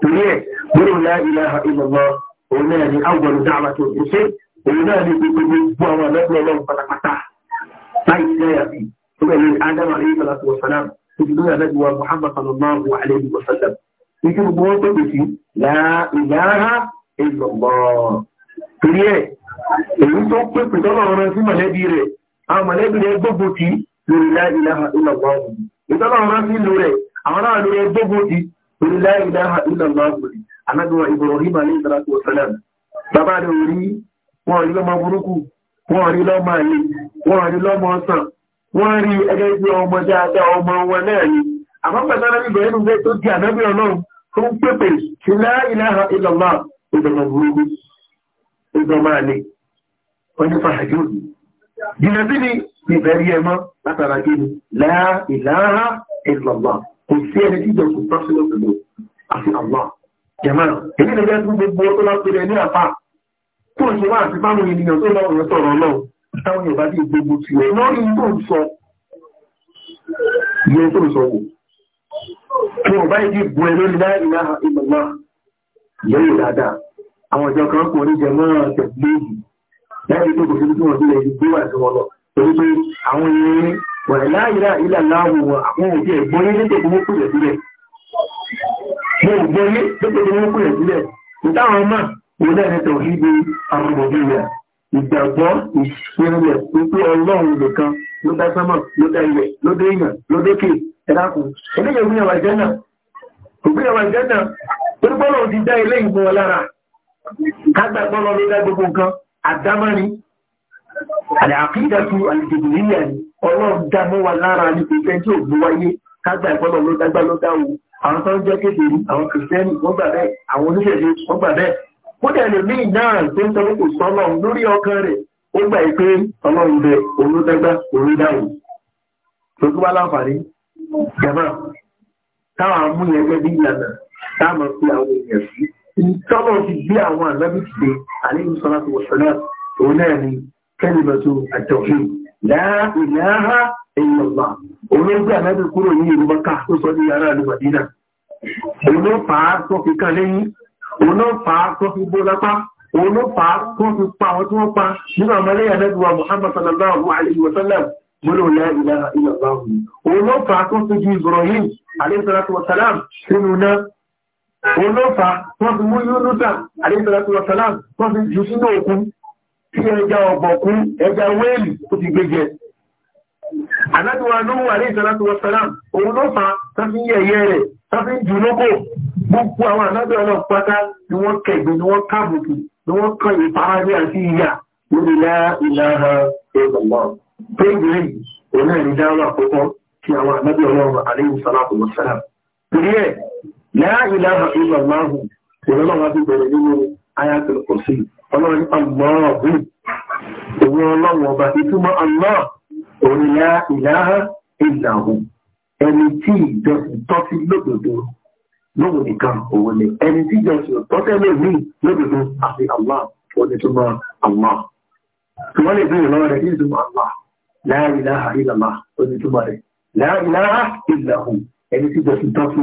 torí ẹ̀ lórí ńlá ilẹ̀ ìlọ́gbọ́ òun náà ni àwọ̀lù dáàbà tó ti ṣe òun náà ni gbogbo gbogbo àwọn ọlọ́gbọ́n ọlọ́run pátápátá láì sí ẹ̀yà sí ọgbẹ̀ni ádámà àlẹ́ ìsọ̀lá tó wọ̀sálàm títí lórí àlẹ́gbẹ̀wà muhammad sallallahu alayhi wa sallam títí gbogbo wọn pẹ̀lú sí láìláha ìlọ́gbọ́ torí ẹ̀ èyí tó pé pẹ̀tọ́lọ̀ ọ̀rọ̀ sí mọ̀lẹ́bí rẹ̀ àwọn mọ̀lẹ́bí rẹ̀ gbogbo kì lórí láìláha ìlọ́gbọ́ ìtọ́lọ̀ ọ̀rọ̀ sí lórí àwọn náà lè gbógun ti orílẹ̀ ìlà ìlà lọ́gbọ̀n anábíwá ibrahim aleyhisalatu wasalam bàbá rẹ̀ orí wọn rí lọ́mọ burúkú wọn rí lọ́mọ àlè wọn rí lọ́mọ ọ̀sán wọn rí ẹgbẹ́ ni àmọ́ pẹ̀lú anábí sí ni ìbẹ̀rí ẹ̀mọ́ látara kí ni láà kò sí ẹni tí ìjọsìn bá sílẹ̀ pẹ̀lú àti àlá jẹ̀mọ́ èyí ni wọ́n tún gbogbo tó bá pẹ̀lú ẹni àpá tó ń ṣe wá àti báwọn ènìyàn tó lọ rẹ̀ sọ̀rọ̀ náà táwọn yorùbá bí gbogbo ti rẹ̀ lórí tó ń sọ yẹ tó ń sọ wò kí wọ́n báyìí bí bu ẹni lá ìlàhà ìlàlá yẹ́yẹ̀ dáadáa àwọn ìjọ kan kò ní jẹ̀mọ́ tẹ̀lé yìí láti tó kò sí tí wọ́n wọ̀rẹ̀ láìra ilẹ̀ láàrùn àwọn òbí ẹ̀gbọ́n ní tètè mú kúrẹ̀ sílẹ̀ mo gbọ́ ní tètè mú kúrẹ̀ sílẹ̀ ìtàwọn ọmọ mo lẹ́rẹ̀ tó fi bí àwọn òbí rẹ̀ ìgbàgbọ́ ìṣẹ́lẹ̀ wípé ọlọ́run nìkan ló dá sánmọ̀ ló dá ilẹ̀ ló dé èèyàn ló dókè ẹ̀dákùn ẹ̀dẹ́yẹ̀ ògbìyànwà ìjẹ́nà ògbìyànwà ìjẹ́nà torípọ́lọ̀ ti dá ilé ìgbọ̀n lára kágbàgbọ́n lọ ló dá gbogbo nǹkan àdámọ́ni àdàkídàtú àdìgbìyà ọlọ́run dámú wa lára ní pípẹ́ tí ò gbówáyé kágbà ìpọ́lọ̀ ló dágbà ló dáwò àwọn tó ń jẹ́ kékeré àwọn kìrìsìtẹ́nì wọ́n gbà bẹ́ẹ̀ àwọn oníṣẹ̀ṣe wọ́n gbà bẹ́ẹ̀ kódà lèmi náà tó ń sọ pé kò sọ ọlọ́run lórí ọkàn rẹ̀ ó gbà pé ọlọ́run bẹ òun ló dágbà òun dáwò tó tó bá láǹfààní jàmá táwọn amúyẹgbẹ́ bí ìlànà táwọn fi àwọn èèyàn sí tọ́lọ́ ti gbé àwọn àlábìsì àlẹ́ كلمة التوحيد لا إله إلا الله olóògbé àmẹ́bí kúrò ní ìlú mọ́ká tó sọ ní ara ìlú mọ̀dínà olófàá tó fi kan lẹ́yìn olófàá tó fi bó lápá olófàá tó fi pa àwọn tí wọ́n pa nínú àmọ́lẹ́yà lẹ́gbẹ̀wà muhammad sallallahu alayhi wa sallam mọ́lẹ̀ olóòlẹ́ ìlànà ìlànà olófàá tó fi ju ibrahim alayhi tó fi mú tó fi jù sínú òkun kí ẹja ọ̀bọ̀kú ẹja wéèlì ó ti gbéjẹ. Àdájúwa ló wà ní ìsọ́látí wọ sọ́lám, òun ló fa tọ́fí yẹ̀yẹ́ rẹ̀, tọ́fí jù lókò, gbogbo àwọn àdájọ́ ọlọ́pàá pátá ni wọ́n kẹ̀gbẹ̀ ni wọ́n káàbùkù ni wọ́n kọ ìparí àti ìyà lórí láìláha ẹgbẹ̀mọ́. Péjìrì, òun náà ní dáwọ́ àkọ́kọ́ tí àwọn àdájọ́ ọlọ́run àlẹ́yìn sọ́látí wọ sọ́lám. Torí ẹ̀, láìláha ẹgbẹ̀mọ́ ayatul kursi ọlọ́run aláàbù òun ọlọ́run ọba ìtumọ̀ aláà òun ìlà ìlàhà ìlàhù ẹni tí ìjọsìn tọ́ sí lódodo lóhùn nìkan òun ni ẹni tí ìjọsìn tọ́ tẹ́lẹ̀ mí lódodo àti aláà òun ìtumọ̀ aláà tí wọ́n lè bí ìlọ́wọ́ rẹ̀ kí ìtumọ̀ aláà láàrín ìlàhà ìlàhà òun ìtumọ̀ rẹ̀ láàrín ìlàhà ìlàhù ẹni tí ìjọsìn tọ́ sí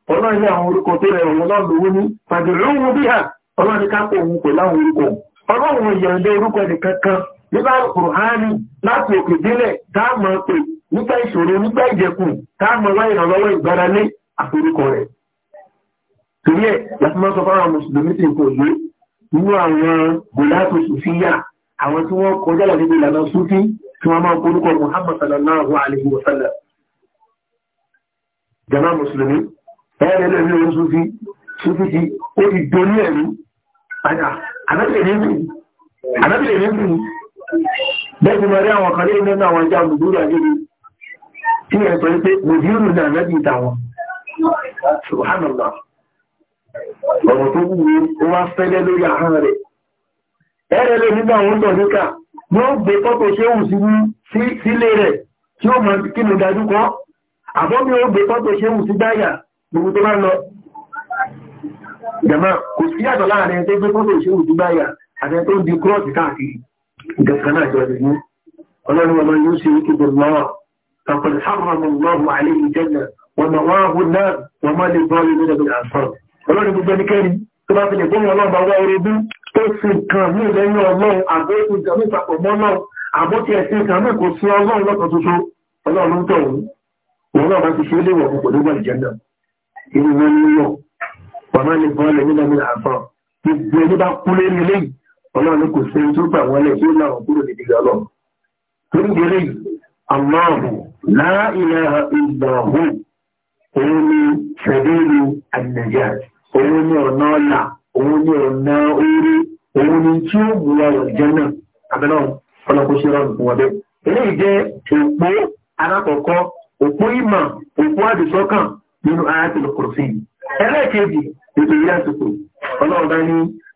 ọlọ́run ní àwọn orúkọ tó rẹ̀ òun náà lówó ní pàdùrú òun bí hà ọlọ́run ká pọ̀ òun pẹ̀lú àwọn orúkọ ọlọ́run ìyànjẹ orúkọ nìkan kan nígbà kùrùhánì láti òkè délẹ̀ dáàmọ́ pé nígbà ìṣòro nígbà ìjẹkù dáàmọ́ wá ìrànlọ́wọ́ ìgbáralé àforúkọ rẹ̀ torí ẹ̀ láti máa sọ fáwọn mùsùlùmí ti kò yé nínú àwọn gòláàtò sùfíyà àwọn tí wọ́n kọjá lọ níbi ìlànà súfí tí wọ́n máa korúkọ muhammad sallallahu alaihi wa sallam jama mùsùlùmí ẹ̀rẹ́ lẹ́nu orí súnfí súnfí ti ó ti dorí ẹ̀rú àdábìlẹ̀ ní ìlú bẹ́ẹ̀ni mọ̀ rí àwọn kan lé nínú àwọn ajá mùdúrú àjẹ́bí tí ẹ̀ sọ pé mùdúrú náà lẹ́bí ìtàwọn subhanallah ọ̀rọ̀ tó wù ó wá fẹ́lẹ́ lórí ahọ́n rẹ̀ ẹ̀rẹ́ lè nínú àwọn ọ̀dọ̀ níkà yóò gbé fọ́tò ṣéhù sílé rẹ̀ tí ó mọ̀ kí ni dájú kọ́ àbọ́mí ó gbé fọ́tò ṣéhù sí dáyà gbogbo tó bá lọ jẹ̀mọ́ kò sí yàtọ̀ láàrin ẹni tó gbé fọ́tò ìṣòwò tó báyà àti ẹni tó di kúrọ́ọ̀sì káàkiri ìgbẹ̀kan náà jọ nìyí ọlọ́run ọmọ yóò ṣe wípé bọ̀ lọ́wọ́ فقد حرم الله عليه الجنة ومواه النار وما للظالمين بالأنصار ọlọ́run gbogbo ẹnikẹ́ni tó bá fi lè gbóhùn ọlọ́run bá wá orogún tó sì kàn mí lẹ́yìn ọlọ́run àbó ètò ìjọba ìpapọ̀ mọ́ náà àbó tí ẹ̀sìn kan náà kò sí ọlọ́run irú wọn ní yọ bàbá ní bọ́ lẹ́yìn náà ní àbọ̀ gbogbo ẹni bá kú lé nílé ọlọ́run ní kò sí tó gbà wọlé tí ó náà kúrò nídìí lọ́lọ́ torí délé aláàbò láìlẹ̀ ìgbàhùn òun ni ṣẹ̀dẹ́rù àdìnàjà òun ni ọ̀nà ọ̀là òun ni ọ̀nà orí òun ni tí ó mú ọ̀rọ̀ jẹ́ náà abẹ́lẹ́ ọlọ́kùn sí ọ̀rọ̀ fún ọdẹ eléyìí jẹ́ òpó alákọ̀ọ́kọ́ òpó ìmọ̀ òpó àdìsọ́kàn nínú ayatul kùrùsí ẹlẹ́ẹ̀kejì ètò ìyá àtòkò ọlọ́run bá ní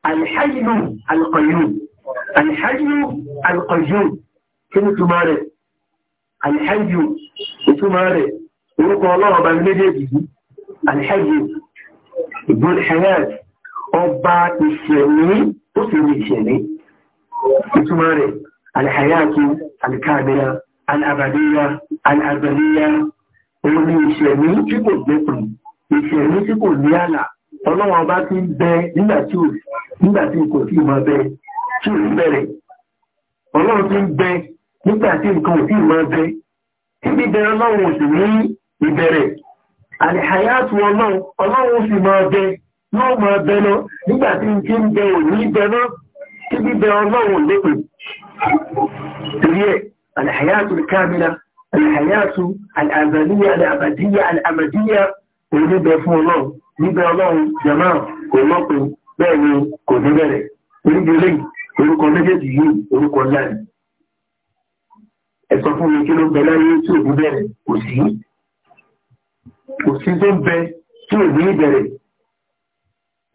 alìhájìlú alìkọ̀yún alìhájìlú alìkọ̀yún kí ni túmọ̀ rẹ̀ alìhájìlú ìtumọ̀ rẹ̀ orúkọ ọlọ́run bá ní méjèèjì yìí alìhájìlú ìgbóni hayat ọba ìṣẹ̀mí ó sì ní ìṣẹ̀mí ìtumọ̀ rẹ̀ alìháyàtú alìkàbíyà alàbàdíyà alàbàdíyà òun ni ìṣẹ̀mí tí kò gbẹ́kùn ìṣẹ̀mí tí kò ní àlà ọlọ́wọ́n bá ti ń bẹ nígbà tí kò tí mọ bẹ tí ò bẹ̀rẹ̀ ọlọ́run ti ń bẹ nígbà tí nǹkan ò tí mọ bẹ tí bíbẹ̀rẹ̀ ọlọ́run ò sì ní ìbẹ̀rẹ̀ àlìhàyàtù ọlọ́run ọlọ́run sì mọ bẹ náà mọ bẹ lọ nígbà n ti ń bẹ ò ní bẹ náà tí bíbẹ̀rẹ̀ ọlọ́run ò àyàtú àzàníyà àbàdíyà àmàdíyà oníbẹ fún ọlọ́run níbẹ ọlọ́run jama kò lọ́pin bẹ́ẹ̀ ni kò ní bẹ̀rẹ̀ onígbélé orúkọ méjèèjì yìí orúkọ ńlá ni ẹ sọ fún mi kí ló ń bẹ láyé tí òbí bẹ̀rẹ̀ kò sí kò sí tó ń bẹ tí òbí bẹ̀rẹ̀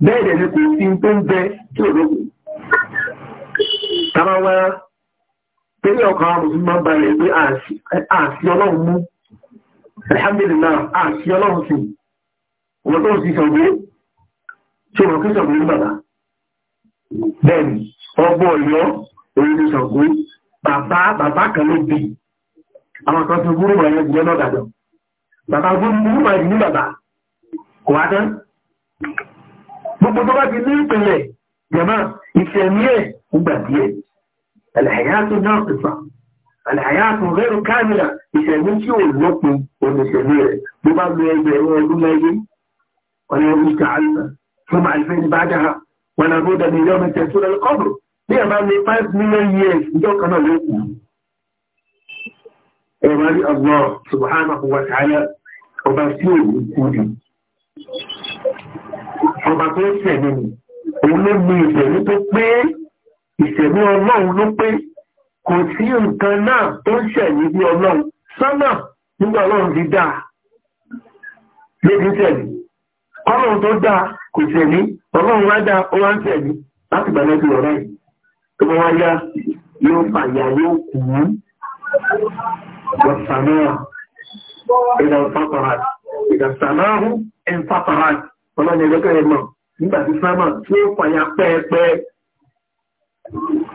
bẹ́ẹ̀ dẹ̀ ni kò sí tó ń bẹ tí òbí bẹ̀rẹ̀ torí ọkàn àrùn máa balẹ̀ pé àṣì ọlọ́run mú alhamdulillah àṣì ọlọ́run sí wọ́n tó sì sọ̀gbé tí wọ́n kí sọ̀gbé ní bàbá bẹ́ẹ̀ni ọgbọ́ ọ̀yọ́ orí ti sọ̀gbé bàbá bàbá kan ló bí àwọn kan fi gúrú wọ̀nyẹn jẹ́ náà dàdọ̀ bàbá gúrú wọ̀nyẹn ní bàbá kò wá tán gbogbo tó bá ti ní ìpìlẹ̀ jẹ̀mọ́ ìṣẹ̀mí ẹ̀ ń gbà díẹ̀ الحياة ناقصة الحياة غير كاملة ìṣẹ̀mí tí ò lópin oníṣẹ̀mí rẹ̀ ló bá lu ẹgbẹ̀rún ọdún lẹ́yìn wọn yóò fi ṣàlùmọ̀ fún àìfẹ́ ní bá dára wọn náà bó dẹni ilé ọmọ ìṣẹ̀tú rẹ̀ kọ́bùrù bí ẹ̀ máa lo five million years ìjọ kan náà ló kù. ẹ máa rí Allah subhanahu wa ta'ala ọba tí ò ní kú ni ọba tó ń ṣẹ̀mí ni òun ló mú ìṣẹ̀mí tó pé ìṣẹ̀mí ọlọ́run ló pé kò sí nǹkan náà tó ń ṣẹ̀mí bí ọlọ́run sọ́nà nígbà ọlọ́run ti dáa lójú tẹ̀lé ọlọ́run tó dáa kò ṣẹ̀mí ọlọ́run wá dáa ó wá ń ṣẹ̀mí láti gbà lọ́sí ọ̀rẹ́ yìí tó bá wá yá yóò fàyà yóò kù ú wọ̀sánúà ìdá ìfàtàrà ìdá sàmáhù ìfàtàrà ọlọ́run ẹ̀dọ́kẹ́ ẹ̀mọ̀ nígbà tí sámà tí ó fàyà pẹ́ẹ́pẹ́ẹ́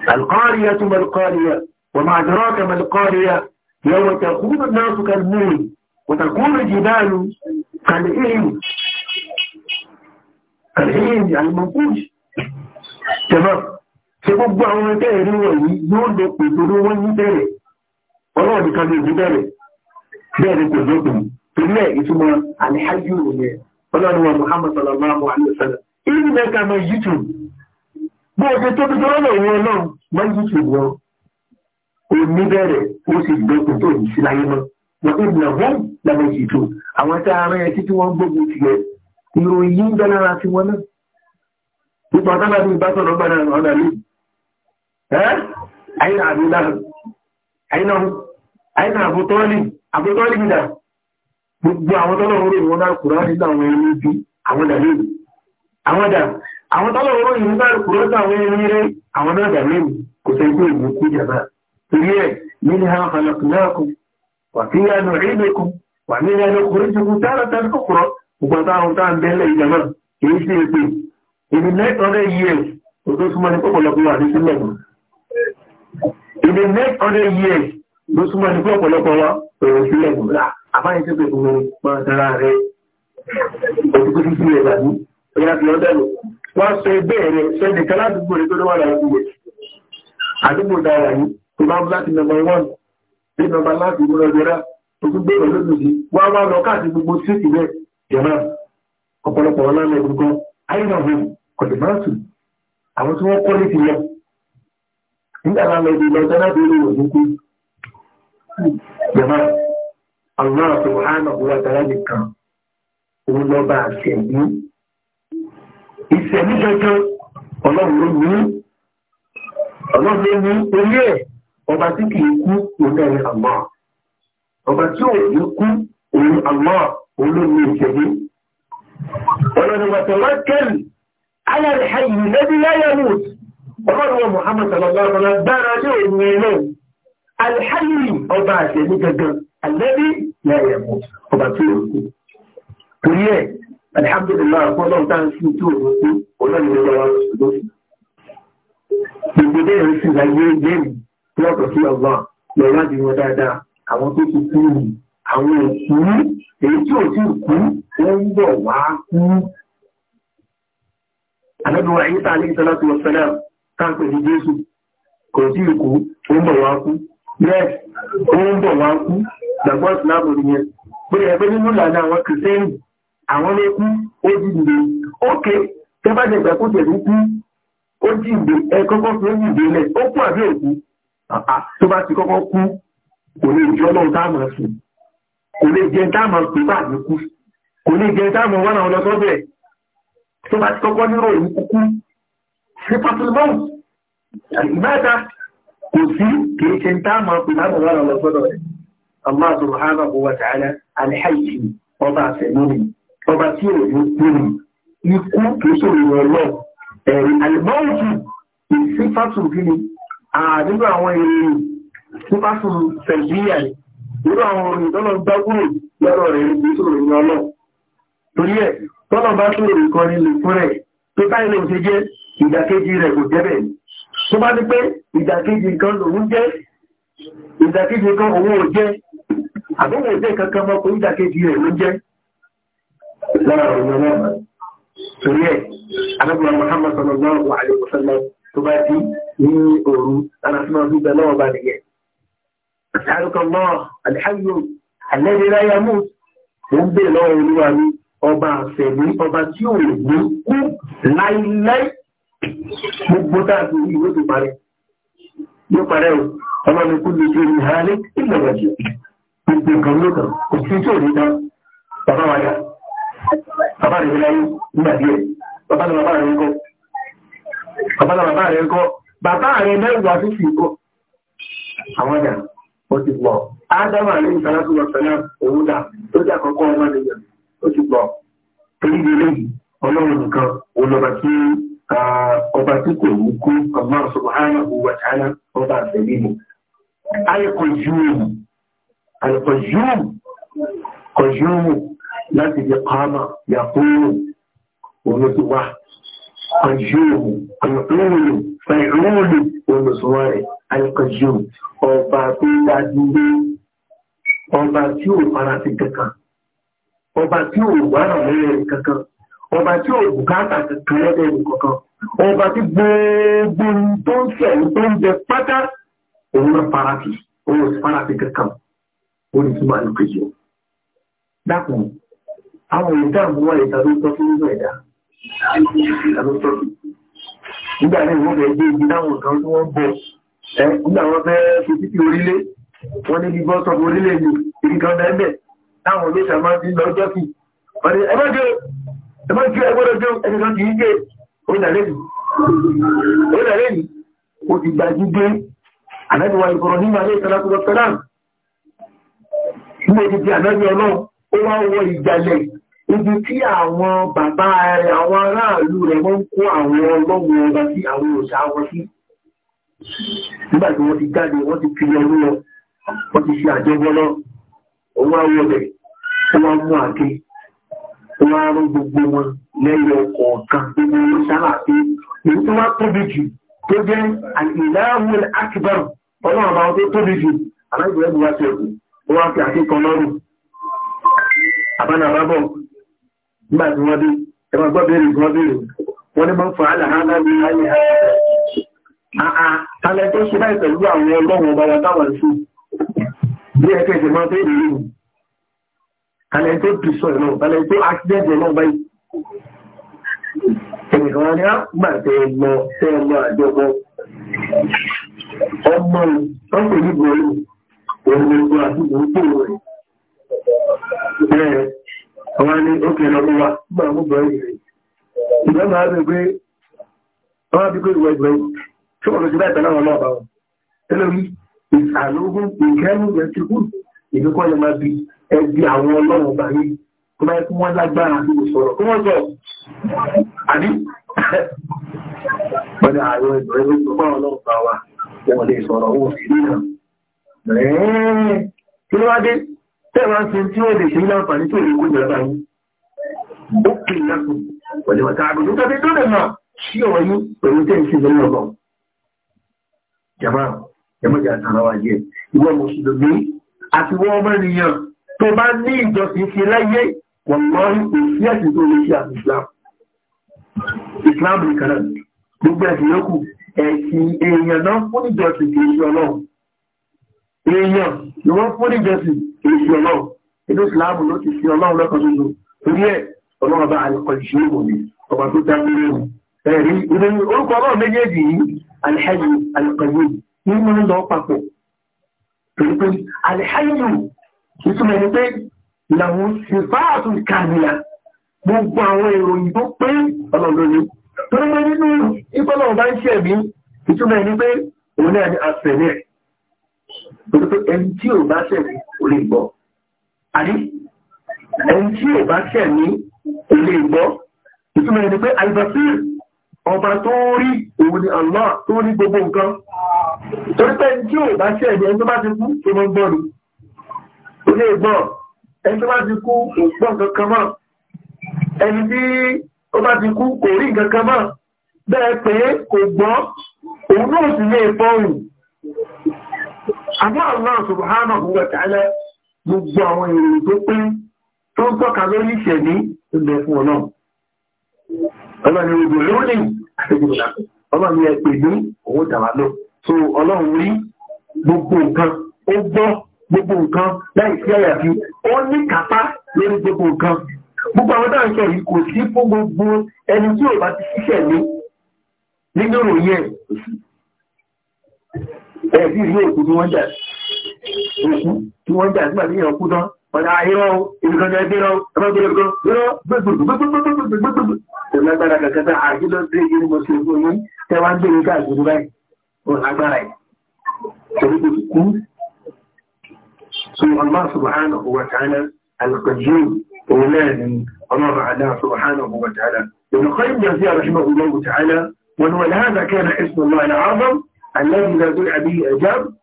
القارية ما القارية وما أدراك ما القارية يوم تكون الناس كالمول وتكون الجبال كالإهن كالإهن يعني منقوش تمام سببوا عوان تهري ويزون دقوا تروا وين تهري والله دي كان يجبالي بيري تزوتهم تبلا يسمى عن حجو والله هو محمد صلى الله عليه وسلم إذا كما يجيتهم bó o tóbi tó lọ́nà náà máa ń o ní bẹ̀rẹ̀ o sì gbé kò tó yìí sí láyé mọ́ wọ́n ti nà wọ́n lànà ìṣètò àwọn tá a rán ẹ títí wọ́n gbógun tiẹ̀ ìròyìn yìí ń bẹ lára náà nípa tábà bí sọ̀rọ̀ ọ̀nà àyínà àyínà gbogbo àwọn àwọn tọ́lọ̀ owó yìí ń bẹ̀rù kúrò sáwọn ẹni rẹ̀ àwọn náà dà lẹ́nu kò fẹ́ kú èyí kú jàmbá torí ẹ̀ nínú àwọn ọ̀fọ̀lọ́kùnrin wà sí ìyanu ìrìnlẹ̀kùn wà ní ìyanu kúrò jù tààrà tààrà kòkòrò gbogbo táwọn tá ń bẹ́lẹ̀ ìjàmbá èyí sì pé ìdí next hundred years òtó súnmọ́ ní pọ̀pọ̀lọpọ̀ wà ní sílẹ̀ ìdí next hundred years ló súnmọ́ ní pọ̀pọ̀lọpọ̀ wà pẹ̀lú sílẹ̀ àbáyé tó pè wọ́n sọ ìbéèrè sẹ́nìkan ládùúgbò rẹ̀ tó lọ́wọ́ rẹ̀ ìwé àdúgbò dára yìí tó bá ń láti nọmba wọn bí nọmba láti mú lọ jẹrà tó tún gbèrò lójijì wá wá lọ káàkiri gbogbo síìtì rẹ̀ jẹ̀mọ́ ọ̀pọ̀lọpọ̀ wọn lánàá gbogbo ayélujára kọ̀dùmáàtù àwọn tí wọ́n kọ́ ní ti lọ nígbà lánàá ibi lọ sọ́nà tó lè wọ̀ ní kú jẹ̀mọ́ àwọn àtọ̀wọ̀ hánà òwúrọ̀ tàlá nìkan òun lọ́ba àṣẹ yìí ìṣẹ̀mí gẹ́gẹ́ ọlọ́run ló ní ọlọ́run ló ní orí ẹ̀ ọba tí kìí kú òun ẹ̀rẹ́ àmọ́ ọba tí ò ní kú òun àmọ́ òun ló ní ìṣẹ̀mí ọlọ́run wà tẹ̀wá kẹ́lì ayàrá ìhàyè lẹ́bí láyàwó alihamdulilayi kọ́lọ́ tá ń fi tó òun sí olóòlùwẹ̀ wa lóṣù. ìgbédè rẹ̀ sì láyé lẹ́nu tí ọ̀tọ̀ sí ọgbà lọ láti wọn dáadáa àwọn tó ti kú yìí àwọn òkú èyí tí ò tí ì kú ó ń bọ̀ wá kú. àdọ́dúnwà yìí tá a lè sọ́lá tó fẹ́lẹ̀ káàpẹ̀ ní jésù kò tí ì kú ó ń bọ̀ wá kú. bẹ́ẹ̀ ó ń bọ̀ wá kú gbàgbọ́ ìsìlámù nìyẹn. bóyá ẹgbẹ́ nínú ìlànà àwọn kìrìsìtẹ́nì àwọn ló kú ó dìde ókè tẹ́bàjẹ̀gbà kó tẹ̀lú kú ó dìde ẹ kọ́kọ́ fi ó dìde lẹ̀ ó kú àbí òkú tó bá ti kọ́kọ́ kú kò lè jọ lọ́wọ́ táàmù ẹ̀sùn kò lè jẹ táàmù ẹ̀sùn bá àbí kú kò lè jẹ táàmù wọn àwọn ọlọ́sọ́bẹ̀ tó bá ti kọ́kọ́ nírò ìlú kúkú sí pàtàkì ìbáta kò sí kì í ṣe táàmù ẹ̀sùn táàmù wọn àwọn ọlọ́sọ́bẹ̀ Allah subhanahu wa ta'ala ọba tí òyìnbó kúrò ikú kìí ṣe ìrìn ọlọ́ ẹ̀rí àlùmọ́ọ̀jù ìsífàtù gíní àdínú àwọn èrè sífàtù sẹ̀líyà nínú àwọn orin tọ́lọ̀ gbágbóró lọ́rọ̀ rẹ̀ kìí ṣe ìrìn ọlọ́ torí ẹ̀ tọ́lọ̀ bá tó èrè kan nílé fún rẹ̀ tó táyé lè ṣe jẹ́ ìdàkejì rẹ̀ kò jẹ́ bẹ́ẹ̀ tó bá ní pé ìdàkejì kan lòun jẹ́ ìdàkejì kan òun ò jẹ́ àbúrò jẹ́ kankan mọ́ pé ìdàkejì rẹ̀ ló jẹ́ lára ọ̀rọ̀ náà torí ẹ̀ anábìyà Muhammad sallallahu alaihi wasallam tó bá di ní òru lára tí wọ́n fi gbẹ lọ́wọ́ bá nìyẹn àtàrúkọ náà alhayyu alladhi la yamut ó ń bèè lọ́wọ́ olúwa mi ọba àfẹ̀mí ọba tí ò lè ní kú láíláí gbogbo dáàbò ìwé tó parẹ́ yóò parẹ́ o ọba lókàn kò tí ò ní dá bàbá wa yá bàbá rẹ̀ láyé nígbà díẹ̀ bàbá náà bàbá rẹ̀ ńkọ́ bàbá náà bàbá rẹ̀ ńkọ́ bàbá rẹ̀ mẹ́wàá tó fi kọ́ àwọn ọjà ó ti pọ̀ ádámà ní ìsàlátù ọ̀sán òun dà ó jà kọ́kọ́ ọmọ nìyẹn ó ti pọ̀ torí ilé yìí ọlọ́run nìkan olọba tí ọba tí kò wú kú ọmọ ṣùgbọ́n wa ta'ala ọba àfẹ́lẹ́ mi alẹ́kọ̀ọ́ yúùmù alẹ́kọ̀ọ́ yúùmù kọ̀ yúùmù láti jẹ kọ́mà yàkúrò òun tó wá kọjúùmù àlùkúrò fẹ̀rúùlù òun tó wá rẹ̀ alùkọjù ọba tó dájú ọba tí ò fara sí kankan ọba tí ò wárà lẹ́rẹ̀ kankan ọba tí ò bùkátà kankan lẹ́rẹ̀ kankan ọba tí gbogbo tó ń fẹ̀ tó ń jẹ pátá òun náà fara sí òun fara sí kankan ó ní túmọ̀ alùkọjù àwọn ìdá àmúwà ìdá ló tọ́ fún ìgbà ẹ̀dá nígbà náà wọ́n fẹ́ dé ibi táwọn kan tí wọ́n bọ̀ ẹ́ nígbà wọ́n fẹ́ fi títí orílẹ̀ wọ́n ní bíbọ́ sọ orílẹ̀ èdè ibi kan bẹ́ẹ̀ táwọn olóṣà máa fi lọ jọ́kì wọ́n ní ẹgbẹ́ jẹ́ ẹgbẹ́ jẹ́ ẹgbẹ́ jẹ́ ẹgbẹ́ kan kìí jẹ́ orílẹ̀-èdè ó ti gbajúgbé àdájúwà ìkọ̀rọ̀ nínú alẹ́ ìtàlákùnrin ọ̀pẹ̀lá ibi tí àwọn bàbá rẹ̀ àwọn aráàlú rẹ̀ wọ́n kó àwọn ọlọ́wọ́ ọba sí àwọn òṣà wọn sí nígbà tí wọ́n ti jáde wọ́n ti fi ọlú lọ wọ́n ti ṣe àjọwọ́ lọ òun àwọn ọbẹ̀ tí wọ́n mú àké wọ́n á rún gbogbo wọn lẹ́yìn ọkọ̀ ọ̀kan nínú wọn sára pé èyí tó wá tóbi jù tó jẹ́ ìlàáwọ̀ akíbar ọlọ́run àwọn tó tóbi jù aláìsí ẹ̀bùn sí ẹ̀kú wọ́n á fi àké lọ́rùn àbánà àbábọ̀ nígbà tí wọ́n dé ẹ̀mọ́ gbọ́ béèrè tí wọ́n béèrè wọ́n ní mọ́ fún aláhánà ní ayé àà tàlẹ̀ tó ṣe báyìí pẹ̀lú àwọn ọlọ́run ọba wa táwọn sí bí ẹ kẹsẹ̀ máa béèrè rẹ̀ tàlẹ̀ tó pìṣọ̀ ẹ̀ náà tàlẹ̀ tó accident ẹ̀ náà báyìí ẹnìkan ni á gbà tẹ ẹ lọ rẹ̀ àwọn ẹni ó kẹ́ lọ́mú wa gbà mú bọ̀ ìrìn ìgbà máa bẹ̀ pé wọ́n á bí pé ìwọ̀ ìgbà tí wọ́n lọ sí láìpẹ́ náà lọ́ọ̀bà wọn ẹlẹ́rí ìsàlógún ìkẹ́rù rẹ̀ ti kú ìlú kọ́ lè máa bi ẹbí àwọn ọlọ́run bá yín tó bá yẹ kí wọ́n lágbára àti ìṣòro kí wọ́n sọ àbí wọ́n ní àwọn ìbẹ̀rẹ̀ ló gbọ́ ọlọ́run bá wa wọ́n lè sọ̀rọ̀ òun sí nínú tẹ́wàá ṣe tí ó lè ṣe ní àǹfààní tó lè kó ìjọba yìí ó kì í lásùn pẹ̀lú ọ̀tá àgùn nígbà tó lè máa ṣí ọ̀rọ̀ yìí pẹ̀lú tẹ́ ìṣe ìṣe lọ́gbọ̀ jàmá jàmọ́jà àtàrà wa jẹ ìwọ mùsùlùmí àti wọ́n bá ní ìjọsìn ṣe láyé wọ́n mọ́ ipò sí ẹ̀sìn tó lè ṣe àti Islam Islam nìkan náà gbogbo ẹ̀sìn yòókù ẹ̀sìn èèyàn náà fún ìjọsìn kì í ṣe ọlọ́run èèyàn ni wọ́n fún ìjọsìn èsì ọlọ́run nínú ìsìláàmù ló ti fi ọlọ́run lọ́kàn tuntun torí ẹ̀ ọlọ́run bá àlùkọ ìṣòro ní ọba tó dá lórí ẹ̀rù ẹ̀rí ìròyìn orúkọ ọlọ́run méjèèjì yìí alìhẹ́yù alìkọ̀yù nínú ń lọ papọ̀ torí pé alìhẹ́yù ìtumọ̀ ẹni pé làwọn sìfáàtù kàmìlà gbogbo àwọn ìròyìn tó pé ọlọ́run lórí torí pé nínú ìbọ́lọ́run bá ń ṣe ẹ̀mí ìtumọ̀ ẹni pé òun náà ni àṣẹ kò lè gbọ́. Àbí ẹni tí ò bá tẹ̀ ní kò lè gbọ́. Ìtumọ̀ ẹni pé àìbọ̀sí ọba tó rí òun ni Allah tó rí gbogbo nǹkan. Torí pé ẹni tí ò bá tẹ̀ ní ẹni tó bá ti kú tó mọ́ gbọ́ ni. Kò lè gbọ́. Ẹni tó bá ti kú kò gbọ́ nǹkan kan mọ́. Ẹni tí ó bá ti kú kò rí nǹkan mọ́. Bẹ́ẹ̀ pé kò gbọ́ òun náà sì lè fọ́ọ̀rùn àbá Allah subhanahu wa ta'ala gbogbo àwọn èrò tó pé tó ń tọ́ka lórí ìṣẹ̀lú ilẹ̀ fún ọlọ́run ọlọ́run ìrògbò lórí àtẹ́gbẹ̀rẹ̀ ọlọ́run ẹ̀pẹ̀ ní owó tàwà lọ so ọlọ́run rí gbogbo nǹkan ó gbọ́ gbogbo nǹkan láì sí àyàfi ó ní kápá lórí gbogbo nǹkan gbogbo àwọn dáhùn yìí kò sí fún gbogbo ẹni tí ò bá ti ṣiṣẹ́ ní nínú ìròyìn ẹ̀bí ìlú òkú tí wọ́n jà òkú tí wọ́n jà nígbà tí èèyàn kú tán ọ̀nà àìrọ̀ ìrìkan jẹ́ gbérọ̀ ẹgbẹ́gbẹ̀rẹ̀ gbérọ̀ gbẹ́gbẹ̀gbẹ̀gbẹ̀gbẹ̀gbẹ̀gbẹ̀gbẹ̀gbẹ̀ ìlàgbára kàkàtà àjílọ́ dé ìlú mọ̀sílùmí oyún tẹ́wàá ń bèèrè káàkiri báyìí ọ̀nà agbára yìí torí kò kú سوى الله سبحانه وتعالى القديم أولاد أمر على سبحانه وتعالى ابن قيم جزيه رحمه الله تعالى ومن هذا كان اسم الله العظم الذي إذا دعا به أجاب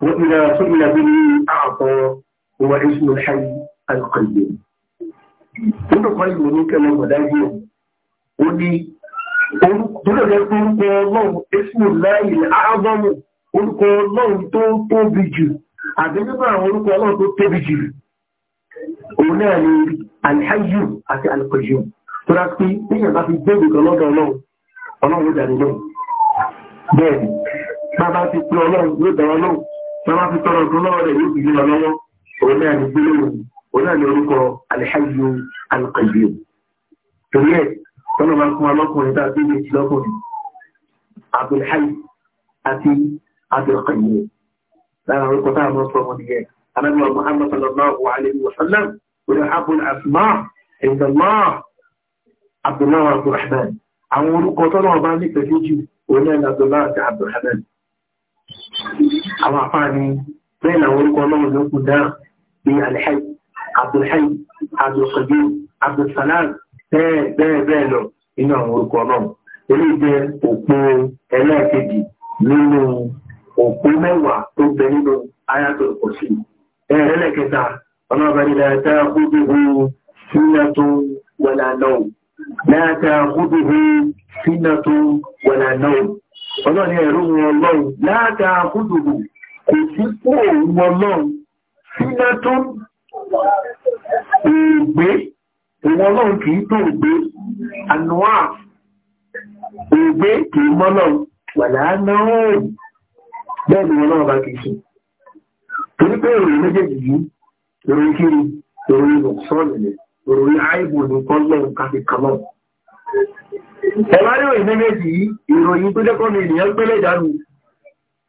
وإذا سئل به أعطى هو اسم الحي القيوم nínú kan ìlú ní kẹlẹ mọ̀dájú ẹ̀ ó ní orúkọ orúkọ ọlọ́run esmo láì àádọ́mù orúkọ ọlọ́run tó tóbi jù àti nínú àwọn orúkọ ọlọ́run tó tóbi jù òun náà ni alhayu àti alqayyum tó rá sí nígbà bá fi gbé bàbá ti pè ọlọ́run yóò dá ọlọ́run bàbá ti tọrọ ọdún lọ́wọ́ rẹ̀ yóò fi yíra lọ́wọ́ òun náà ní gbélé òun náà ní orúkọ alihajju alqayyum torí ẹ̀ tọ́nà máa fún wa lọ́kùnrin tá a ti lè lọ́kùnrin abdulhaj àti abdulqayyum lára orúkọ tá a mọ̀ sọ wọn nìyẹn anábìyàn muhammad sallallahu alayhi wa sallam orí abul asma indallah abdullahi abdulrahman àwọn orúkọ tọ́nà ọba nífẹ̀ẹ́ jù òun náà ní abdullahi àti abdulrahman àwọn àfáà ni bẹ́ẹ̀ náà orúkọ ọlọ́run ló kù dáa bí alhaji abdulhaji abdulkadir abdulsalam bẹ́ẹ̀ bẹ́ẹ̀ bẹ́ẹ̀ lọ nínú àwọn orúkọ ọlọ́run eléyìí jẹ́ òpó ẹlẹ́ẹ̀kejì nínú òpó mẹ́wàá tó bẹ nínú ayatul kursi ẹlẹ́ẹ̀kẹta ọlọ́bàdìlá tààkùdùhù sínàtò wàlànà láàtàkùdùhù sínàtò wàlànà ọlọ́ni ẹ̀rọ wọn ọlọ́run láàdá àkúdùgbò kò sí fún òun ọlọ́run síná tó ògbé òun ọlọ́run kìí tó ògbé ànúwà ògbé kìí mọ́lọ́run wà láàáná òun bẹ́ẹ̀ ni ọlọ́run bá kìí ṣe torí pé ìròyìn méjèèjì yìí ìròyìn kiri ìròyìn ìròyìn sọ́ọ̀lẹ̀ ìròyìn àìbò nìkan lọ́run káfíkà náà ẹ̀lárí òyìn méjì yìí ìròyìn tó jẹ́kọ́ mi ènìyàn pẹ́lẹ̀ ìdánù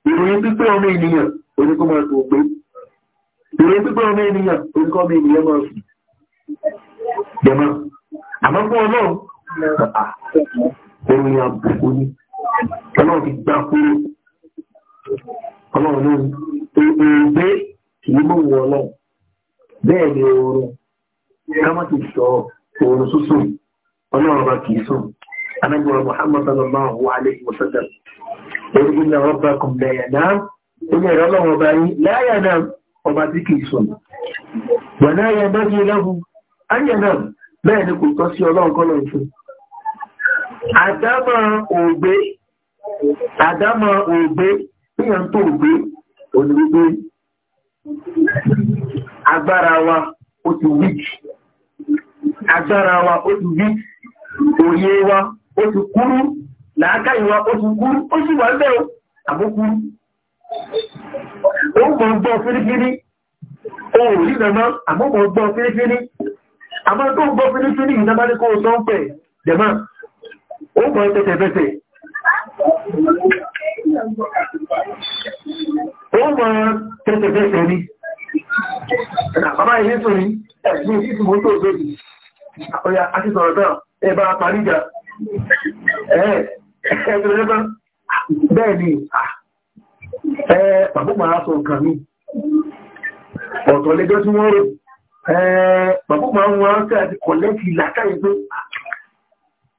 ìròyìn pípẹ́ ọmọ ènìyàn oníkọ́ máa tó pé ìròyìn pípẹ́ ọmọ ènìyàn oníkọ́ mi ènìyàn máa fi jẹmọ́ àmọ́ fún ọlọ́run ìròyìn àbùkù ni ọlọ́run ti gbà kúrò ọlọ́run lórí èèbé kìí mú wọ ọlọ́run bẹ́ẹ̀ ni oorun ká má ti sọ oorun súnsùn ọlọ́run bá kìí sùn النبي محمد صلى الله عليه وسلم يقول إن ربكم لا ينام إن الله وبعي لا ينام وما ذكي سنة ولا ينبغي له أن ينام ما ينقل تصي الله قال يسوع àdámà ògbé àdámà ògbé níyàn tó ògbé òdìgbé agbára wa ó ti wíjì agbára wa ó ti wíjì òye wa ó kwuru kúrú làákà ìwà ó kúrú ó sì wà bẹ́ẹ̀ àbúkúrú ó mọ̀ gbọ́ fínífíní ohun yìí lọ́mọ́ àmúmọ̀ gbọ́ fínífíní àmọ́ tó gbọ́ fínífíní ìdámánikó tó ń pẹ̀ jẹ̀mọ́ ó mọ̀ tẹ́tẹ̀fẹ́tẹ̀ ó mọ̀ tẹ́tẹ̀fẹ́tẹ̀ bẹ́ẹ̀ni bàbá máa sọ nǹkan mi ọ̀tọ̀ lẹ́jọ́ tí wọ́n rò bàbá máa ń wọ́n tẹ́ àti kọ̀lẹ́tì látàrí pé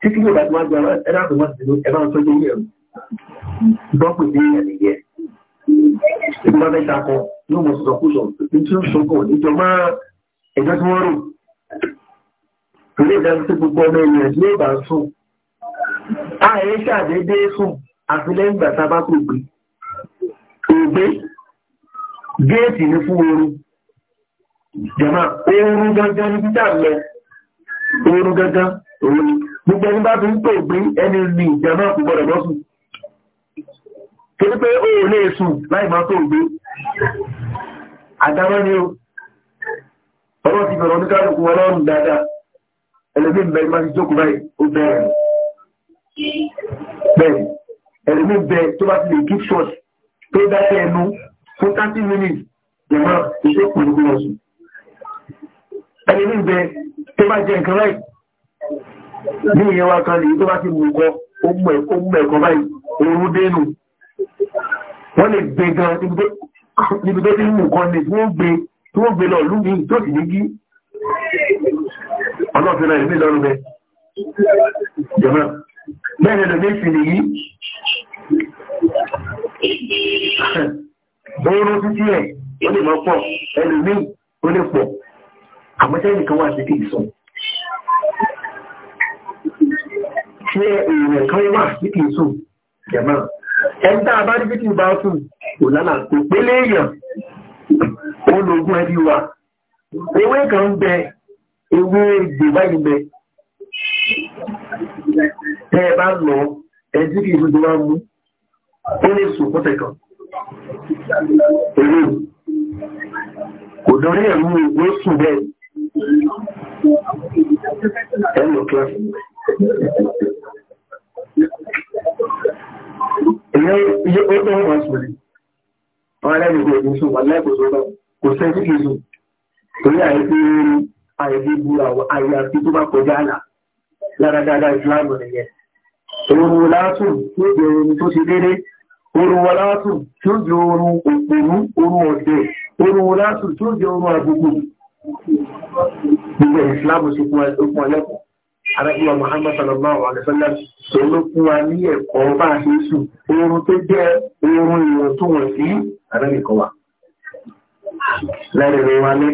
títí ní ìbàtí wọ́n gbà ẹ̀rọ àti wọ́n ti ló ẹ̀rọ àti ọjọ́ yẹ̀ bọ́pù ní ẹ̀rẹ̀ yẹ kan yóò mọ̀ ààrẹ ṣàdédé sùn àti lẹ́yìn a bá kò gbé ògbé géètì ní fún oorun jẹ̀mọ́ oorun gangan ní títà lẹ oorun gangan òun ni gbogbo ẹni bá fi ń pè gbé ẹni ní ìjẹ̀mọ́ kò gbọdọ̀ lọ sùn torí pé o ò lè sùn láì máa tó gbé àdámọ́ ni o ọlọ́run ti bẹ̀rẹ̀ oníkálukú ọlọ́run dáadáa ẹlẹ́gbẹ́ ìbẹ̀rẹ̀ máa ti jókòó báyìí ó bẹ̀rẹ̀ bẹ́ẹ̀ ẹ̀rùmí bẹ tó bá ti lè keep short tó dákẹ́ ẹnu fún thirty minutes jẹ̀mọ́ iṣẹ́ pẹ̀lú bí wọ́n sùn. ẹ̀rùmí bẹ tó bá jẹ nǹkan láì ní ìyẹn wa kan lè tó bá ti mú nǹkan ó mú ẹ̀kọ́ báyìí ooru dénú wọ́n lè gbé gan níbi tó ti mú nǹkan ní tí wọ́n gbé tí wọ́n gbé lọ lúmi tó sì ní kí náà ẹ̀mí lọ́rùn bẹ́ẹ̀ jẹ̀mọ́. bẹ́ẹ̀ lọ méjì nìyí oorun títí ẹ̀ ó lè mọ́ pọ̀ ẹlòmíì ó lè pọ̀ àmọ́sẹ́ nìkan wà sí kí ìsọ tí èèyàn kan wà sí kí ìsọ jẹ̀mọ́ ẹni tá a bá rí títí bá wa ewé kan ń bẹ ewé bẹ tẹ́ ẹ bá lọ ẹtí kì í tó máa mú ó lè sùn fún tẹ̀kan. Èrè kò dọ̀rí ẹ̀mú ló sùn bẹ́ẹ̀. Ẹ lọ kíláàsì. Ìyẹn iye ó tọ́ wọn sùn rí. Wọ́n alẹ́ni kò ní sùn, wọ́n lẹ́kọ̀ọ́ sọ́dọ̀. Kò sẹ́jú kì í sùn. Torí àìsí àìsí bu àwọn àyàfi tó bá kọjá àlà lára dáadáa ìsìláàmù nìyẹn oòrùn látùn tí ó jẹ oòrùn tó ṣe dédé oòrùn wọ látùn tí ó jẹ oòrùn òpòrú oòrùn ọ̀dẹ̀ oòrùn wọ látùn tí ó jẹ oòrùn àgbègbè gbogbo ìsìláàmù sí okun ọlẹ́kùn arábíwa muhammad sallallahu alaihi wasallam tó ló fún wa ní ẹ̀kọ́ bá ṣe sùn oòrùn tó jẹ oòrùn ìwọ̀n tó wọ̀n sí arábìkọ wa lẹ́rẹ̀rẹ̀ wa lẹ́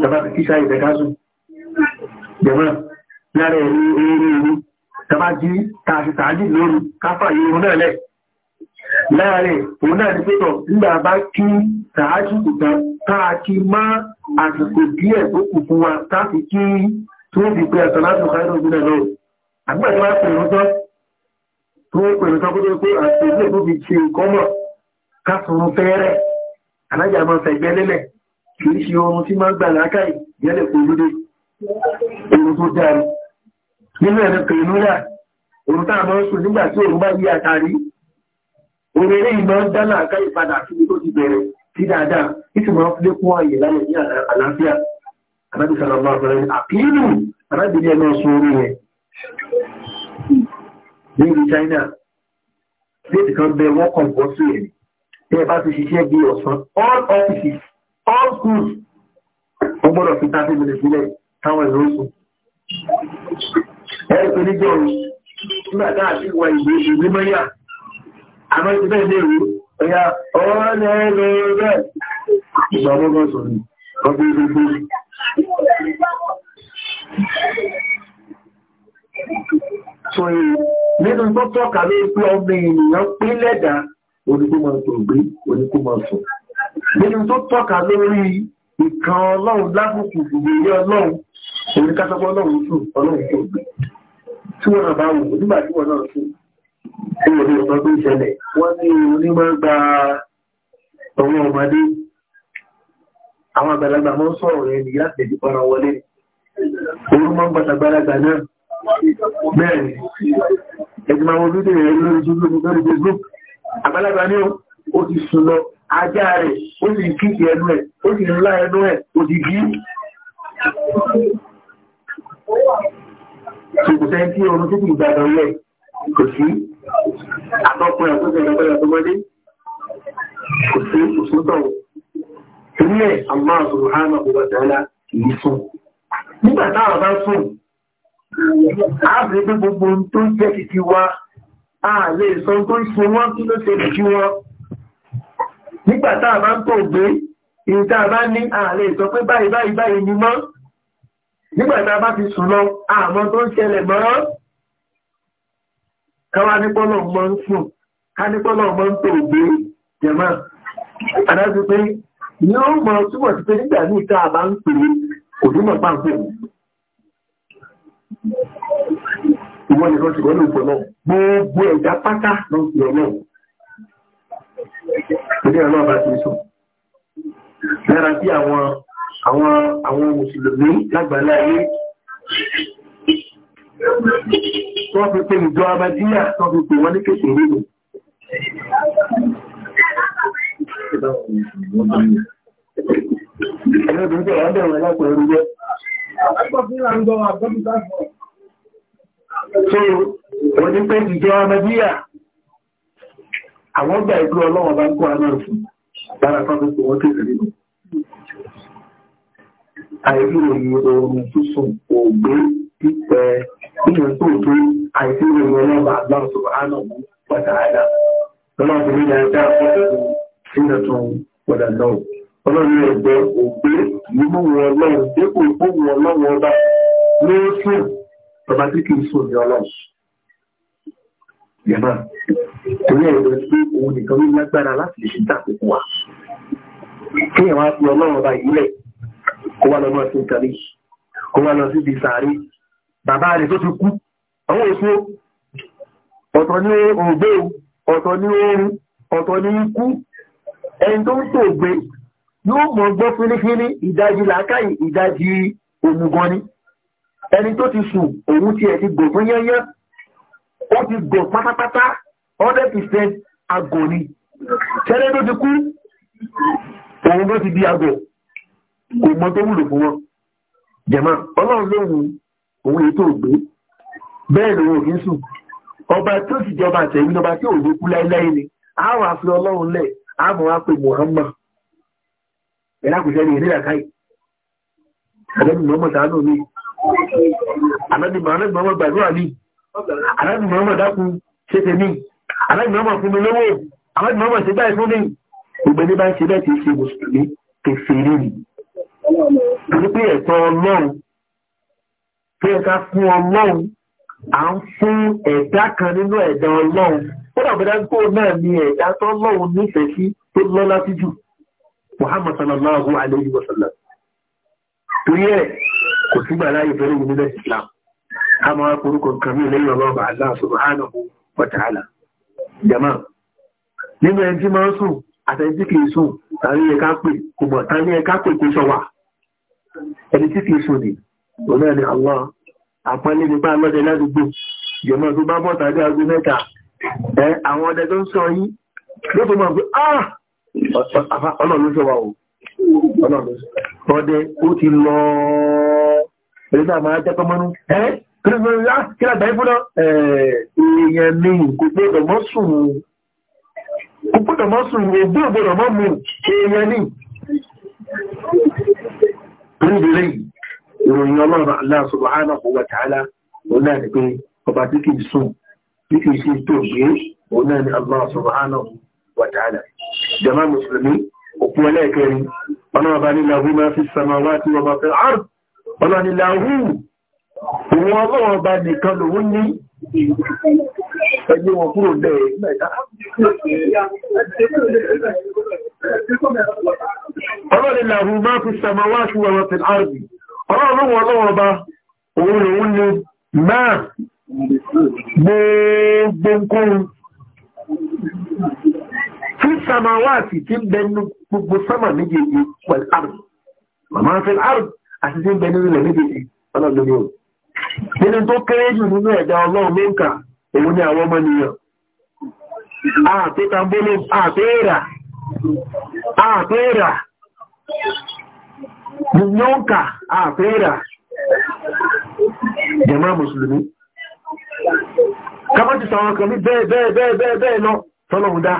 jọba kíṣà ìfẹ́ká sùn jọba lẹ́rẹ̀rẹ̀ oòrùn tàbá jí tààfi tààjì lóru káfà yìí òun náà lẹ̀ láàrin òun náà ti pẹ́tọ̀ nígbà bá kí tààjì ìtàn táà kí má àsìkò díẹ̀ tó kù fún wa táàfi kí tí ó fi pé ẹ̀sọ̀ láti ọ̀ká inú ìgbìnà lọ àgbẹ̀tọ́ wá pè ní tán tó pè ní tán kó tó pé àti ilé tó fi ṣe nǹkan mọ̀ kásùnrún fẹ́rẹ̀ alájà máa fẹ̀gbẹ́ lélẹ̀ kì í ṣe ohun tí máa ń gbà lákàì yẹ́lẹ̀ kò nínú ẹ̀rọ kìlúyà òun tá a máa ń sùn nígbà tí òun bá yí àtàrí òun eré ìmọ̀ ń dáná àká ìpadà síbi tó ti bẹ̀rẹ̀ sí dáadáa títí máa ń lékún ààyè láyé ní àlàáfíà alábí sàlámà ọ̀rẹ́ àpínú arábìnrin ẹ̀ náà sun orí rẹ̀ ní ìlú China déètì kan bẹ wọ́n kàn bọ́ sí all offices all schools wọ́n gbọ́dọ̀ fi thirty minutes sílẹ̀ táwọn ẹ̀rọ tó ní jọ̀ọ́ nígbà tá a ti wà ìwé ìwé mọ́yà àmọ́ ti bẹ́ẹ̀ lè rú ọ̀yà ọ̀ọ́lẹ̀ lọ́rọ̀ bẹ́ẹ̀ ìgbà ọgbọ́gbọ́n pé ọmọ ènìyàn pé lẹ́dàá oníkó máa tó gbé oníkó máa sọ nínú tó tọ́ka lórí ìkan ọlọ́run lábùkù ìgbèrè ọlọ́run oníkásọ́pọ̀ ọlọ́run sùn ọlọ́run tó gbé tí wọ́n bá wù nígbà tí wọ́n náà sùn tí wọ́n lè sọ pé ìṣẹ̀lẹ̀ wọ́n ní onímọ̀ gba ọwọ́ ọmọdé àwọn àgbàlagbà mọ́ sọ̀rọ̀ rẹ̀ ní láti ẹ̀dì para wọlé orú mọ́ gbàtàgbàlagbà náà bẹ́ẹ̀ ẹ̀dì máa wọ fídíò rẹ̀ lórí jùlọ lórí Facebook àgbàlagbà ní ó ti sùn lọ ajá rẹ̀ ó sì kíkì ẹnu ẹ̀ ó sì ńlá ẹnu ẹ̀ òdìgí ṣùgbọ́n tí ọmọ títí ìgbàdàn lẹ̀ kò sí àtọ́kùnrin àtọ́kùnrin àtọ́kùnrin àtọ́mọdé kò sí òṣùtọ̀ ìpínlẹ̀ àmọ́ àṣùrùhánà òbàdàlá kìí sùn nígbà táwọn bá sùn ààbò pé gbogbo tó ń jẹ́ títí wa a lè sọ tó ń sun wọ́n kí ló ṣe lòdì wọn nígbà táwọn bá ń pò gbé ìta bá ní a lè sọ pé báyìí báyìí báyìí ni mọ́ nígbàtà bá ti sùn lọ àmọ́ tó ń ṣẹlẹ̀ mọ́ káwà nípọ́lọ̀ mọ́ ń sùn ká nípọ́lọ̀ mọ́ ń tòògbé jẹ̀mọ́ àdájú pé yóò mọ̀ túbọ̀ ti pé nígbà ní ìta àbá ń pè òdúmọ̀ pàǹpẹ̀ ìwọ́n nìkan ṣùgbọ́n ní ìpọ̀ náà gbogbo ẹ̀dá pátá ló ń fi ọlọ́run ìdí ọlọ́run bá ti lára sí àwọn àwọn àwọn mùsùlùmí lágbàlá ayé wọ́n fi pé ìjọ abadíyà wọ́n fi pè wọ́n ní kékeré nù ẹgbẹ́ tó ń tẹ̀wọ́ bẹ̀rẹ̀ lápò ẹrú jẹ́ so wọ́n ní pé ìjọ abadíyà àwọn gbà ìgbọ́ ọlọ́wọ́ bá ń kó aná fún lára kan tó pè wọ́n kékeré nù àìríyìn oorun sísun ògbé pípẹ́ nínú tó tó àìsíyìn ọlọ́ba àgbáǹsọ àánà mú pàtàkì lọ́lọ́run ní ẹgbẹ́ àkọ́kọ́ sínú tó padà náà ọlọ́run ẹgbẹ́ ògbé mímú wọn ọlọ́run dépò ìfowó ọlọ́run ọba ló sùn ọba tí kì í sùn ní ọlọ́run yàmá torí ẹ̀rọ pé òun nìkan ló lágbára láti lè ṣe dàpọ̀ wa kéèyàn wá fi ọlọ́run ọba yìí lẹ̀ kó wá lọ mọ́ sí nǹkan méjì kó wá lọ sí ibi sàárè bàbá rẹ̀ tó ti kú àwọn òṣù ọ̀tọ̀ ní ògbé ọ̀tọ̀ ní oorun ọ̀tọ̀ ní ikú ẹni tó ń tògbé yóò mọ̀ gbọ́ fínífíní ìdajì làákàyè ìdajì òmùgan ni ẹni tó ti sùn òun tiẹ̀ ti gbò fún yẹ́yẹ́ ó ti gbò pátápátá 100% agò ni tẹ́lẹ̀ tó ti kú òun ló ti di agò kò mọ tó wúlò fún wọn jẹ̀mọ́ ọlọ́run ló wu òun ètò ògbé bẹ́ẹ̀ lòun òkín sùn ọba tó sì jọba àtẹ̀yìn ọba tí òun kú láéláé ni àwọn àfi ọlọ́run lẹ̀ àmọ́ wa pe Muhammad ẹ̀rá kò sẹ́ni ìrírà káyì àdẹ́bí mọ́mọ́ sàánù mi àdẹ́bí mọ́mọ́ gbàdúrà mi àdẹ́bí mọ́mọ́ dákun ṣẹ́tẹ̀ mi àdẹ́bí mọ́mọ́ fún mi lówó àdẹ́bí mọ́mọ́ ṣe báyìí mi gbogbo bá ń ṣe bẹ́ẹ̀ ti ṣe mùsùlùmí kẹfẹ́ nìyí wípé ẹ̀tọ́ ọlọ́run tó yẹ ká fún ọlọ́run à ń fún ẹ̀dá kan nínú ẹ̀dá ọlọ́run ó dàbẹ̀dá gbó náà ni ẹ̀dá tó ọlọ́run nífẹ̀ẹ́ sí tó lọ́lá sí jù muhammad sallallahu alayhi wa sallam torí ẹ̀ kò sígbà láyé fẹ́rẹ́ yìí nílẹ̀ islam ká máa forúkọ nǹkan mí lẹ́yìn ọlọ́run allah subhanahu wa ta'ala jama nínú ẹni tí máa ń sùn àtẹ̀jí kì í sùn tàbí ẹ̀ká pè kò mọ̀ tàbí ẹ̀ká pè kò sọ wà ẹni tí kìí ṣòdì òun náà ni àwọn àpọ́nlé nípa lọ́dẹ ládùúgbò ìjọba tó bá bọ̀ tàbí aago mẹ́ta ẹ àwọn ọdẹ tó ń sọ yín ló tó mọ̀ pé ọlọ́run ló sọ wa o ọdẹ ó ti lọ ẹni náà máa jẹ́ kọ́mọ́nú ẹ kí lágbà yín fúnná èèyàn mi kò gbọdọ̀ mọ́ sùn kò gbọdọ̀ mọ́ sùn ògbó ògbọdọ̀ mọ́ mu èèyàn ni ríndìrí ìròyìn ọlọ́run Allah subhanahu wa ta'ala òun náà ni pé ọba tí kìí sùn tí kìí ṣe tó gbé òun náà ni Allah subhanahu wa ta'ala jama musulmi òkú ẹlẹ́ẹ̀kẹrin ọlọ́run bá ní ẹgbẹ́ wọn kúrò bẹ́ẹ̀ mẹ́ta. ọlọ́rin làhùn máa fi sàmàwá ṣùgbọ́n wọn fi àrùn ọlọ́run wọn lọ́wọ́ bá òun lòun ni máa gbogbo nǹkan fi sàmàwá àti tí ń bẹnu gbogbo sámà méjèèjì pẹ̀lú àrùn màmá fi àrùn àti tí ń bẹnu ilẹ̀ méjèèjì ọlọ́run nínú tó kéré jù nínú ẹ̀dá ọlọ́run ló ń kà òun ni àwọn ọmọnìyàn àti tambolo àtẹ́ẹ̀rà àtẹ́ẹ̀rà ló ń kà àtẹ́ẹ̀rà jàmá mùsùlùmí kábọ́tí sàwọn kan ní bẹ́ẹ̀ bẹ́ẹ̀ bẹ́ẹ̀ bẹ́ẹ̀ bẹ́ẹ̀ lọ tọ́lọ̀hún dá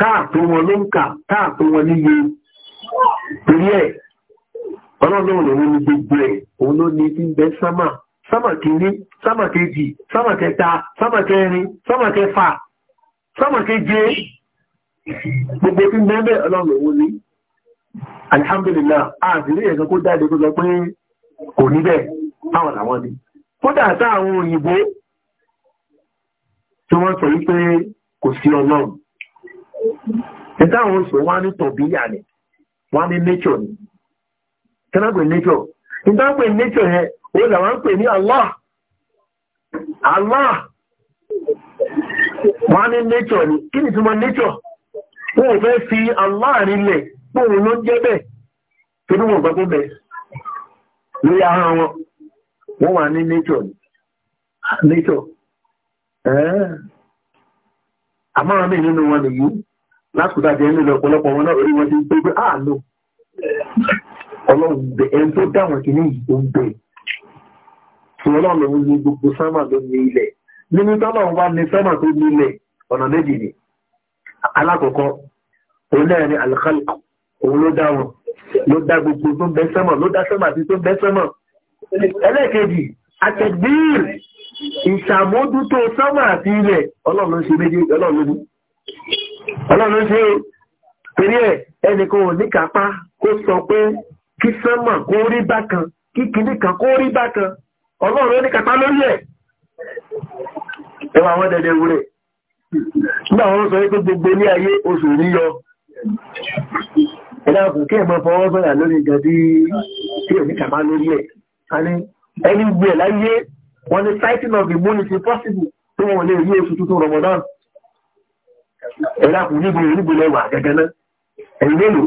táà tó wọn ló ń kà táà tó wọn níye torí ẹ̀ ọlọ́run náà lòun ní gbogbo ẹ̀ òun ló ní ti ń bẹ sámà sámà kìíní sámà kejì sámà kẹta sámà kẹrin sámà kẹfà sámà keje gbogbo tí ń bẹ bẹ ọlọ́run lòun ní alihamdulilah àdìrí ẹ̀sán kó dáadé tó sọ pé kò ní bẹ́ẹ̀ táwọn làwọn ni kódà táwọn òyìnbó tí wọ́n sọ wípé kò sí ọlọ́run ẹ̀táwọn oṣù wọn ní tọ̀bíyà ni wọ́n ní nature ni kí wọ́n pè nature nígbà pè nature yẹn o làwọn ń a ní Allah Allah wọ́n nature ni kini ni túnmọ̀ nature wọ́n ò fẹ́ fi Allah rinlẹ̀ pòun ló jẹ́ bẹ́ẹ̀ tó ní wọ́n gbogbo bẹ̀ ara wọn wọ́n wà nature ni nature àmọ́ àmì nínú wọn nìyí lásìkò tàbí ẹni lọ́pọ̀lọpọ̀ wọn náà orí wọn ti ọlọ́run bẹ ẹni tó dáwọn kìíní yìí tó ń bẹ fún ọlọ́run lòun ní gbogbo sánmà ló ní ilẹ̀ nínú tọ́lọ́run wá ní sánmà tó ní ilẹ̀ ọ̀nà méjì ni alákọ̀ọ́kọ́ òun náà ni alikálùkù òun ló dá wọn ló dá gbogbo tó ń bẹ sánmà ló dá sánmà àti tó ń bẹ sánmà ẹlẹ́ẹ̀kejì àtẹ̀gbìr ìṣàmójútó sánmà àti ilẹ̀ ọlọ́run ń ṣe méjì ọlọ́run kí sánmà kó rí bákan kí kìíní kan kó rí bákan ọlọ́run ní kàtà lórí ẹ̀ ẹwà àwọn dẹ̀dẹ̀ wúrẹ̀ nígbà wọn sọ pé gbogbo ní ayé oṣù rí yọ ẹ̀dá kò kí ẹ̀mọ́ fọwọ́ sọ̀rọ̀ lórí nǹkan tí tí ò ní kàtà lórí ẹ̀ àní ẹni gbé ẹ̀ láyé wọn ni sighting of immunity possible tí wọn lè rí oṣù tuntun Ramadan ẹ̀dá kò níbo níbo lẹ́wà gẹ́gẹ́ náà ẹ̀yìn mélòó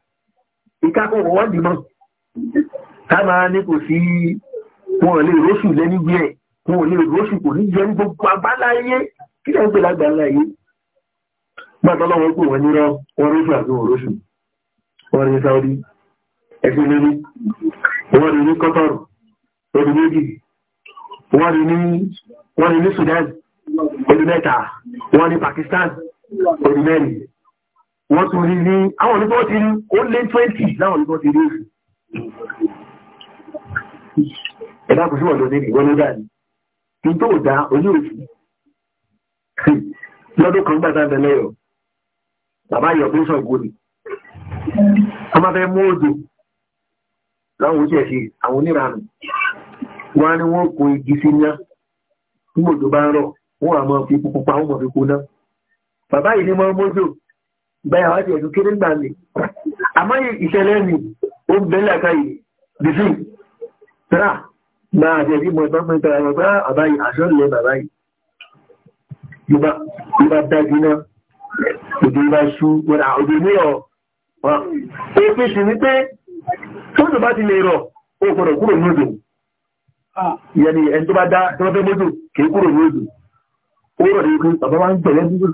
ìkákọ̀ọ̀kọ̀ wọ́n dìmọ̀ táàmà ní kò sí wọn lè róṣù lẹ́ni gbé ẹ̀ wọn lè róṣù kò ní jẹ́ gbogbo àbáláyé kí lẹ́ ń pè lágbà láyé gbàtọ́lọ́wọ́ pè wọ́n nírọ́ wọn róṣù àti wọn róṣù wọn rí Saudi ẹgbẹ́ lórí wọn rí ní Qatar odò méjì wọn rí ní wọn rí ní Sudan odò mẹ́ta wọn rí Pakistan odò mẹ́rin wọ́n tún rí ní àwọn onígbọ́ ti rí ó lé 20 láwọn onígbọ́ ti rí èsì ẹ̀dá kò sí wọ̀n lónìí ìwọ́n ló dáa ní kí tó dá ojú òsì lọ́dún kan gbàdá lẹ́lẹ́yọ̀ bàbá yọ̀ bí sọ̀gbọ́n ni a máa fẹ́ mú òdò láwọn oúnjẹ sí àwọn oníranù wọn á ní wọn kó igi sí ná bí òdò bá ń rọ̀ wọn àmọ́ fi pupa wọn mọ̀ fi kú ná bàbá yìí ni mọ́ mọ́jọ́ báyà wá ti ẹ̀dùn kéré gbà mí àmọ́ ìṣẹ̀lẹ̀ mi ó ń bẹ́lẹ̀ àká yìí bìfì tẹ́lá máa àti ẹ̀dí mọ̀ ìbámu ìtara wọn bá bàbá yìí aṣọ ìlẹ̀ bàbá yìí ló bá dájú náà òjò bá ṣú wọn òjò ní ọ̀ wọn ó fi sì ní pé tóòtù bá ti lè rọ̀ ó gbọ́dọ̀ kúrò ní òjò ah. ìyẹn ni ẹni tó bá dá tó bá fẹ́ mọ́tò kì í kúrò ní ó rọ̀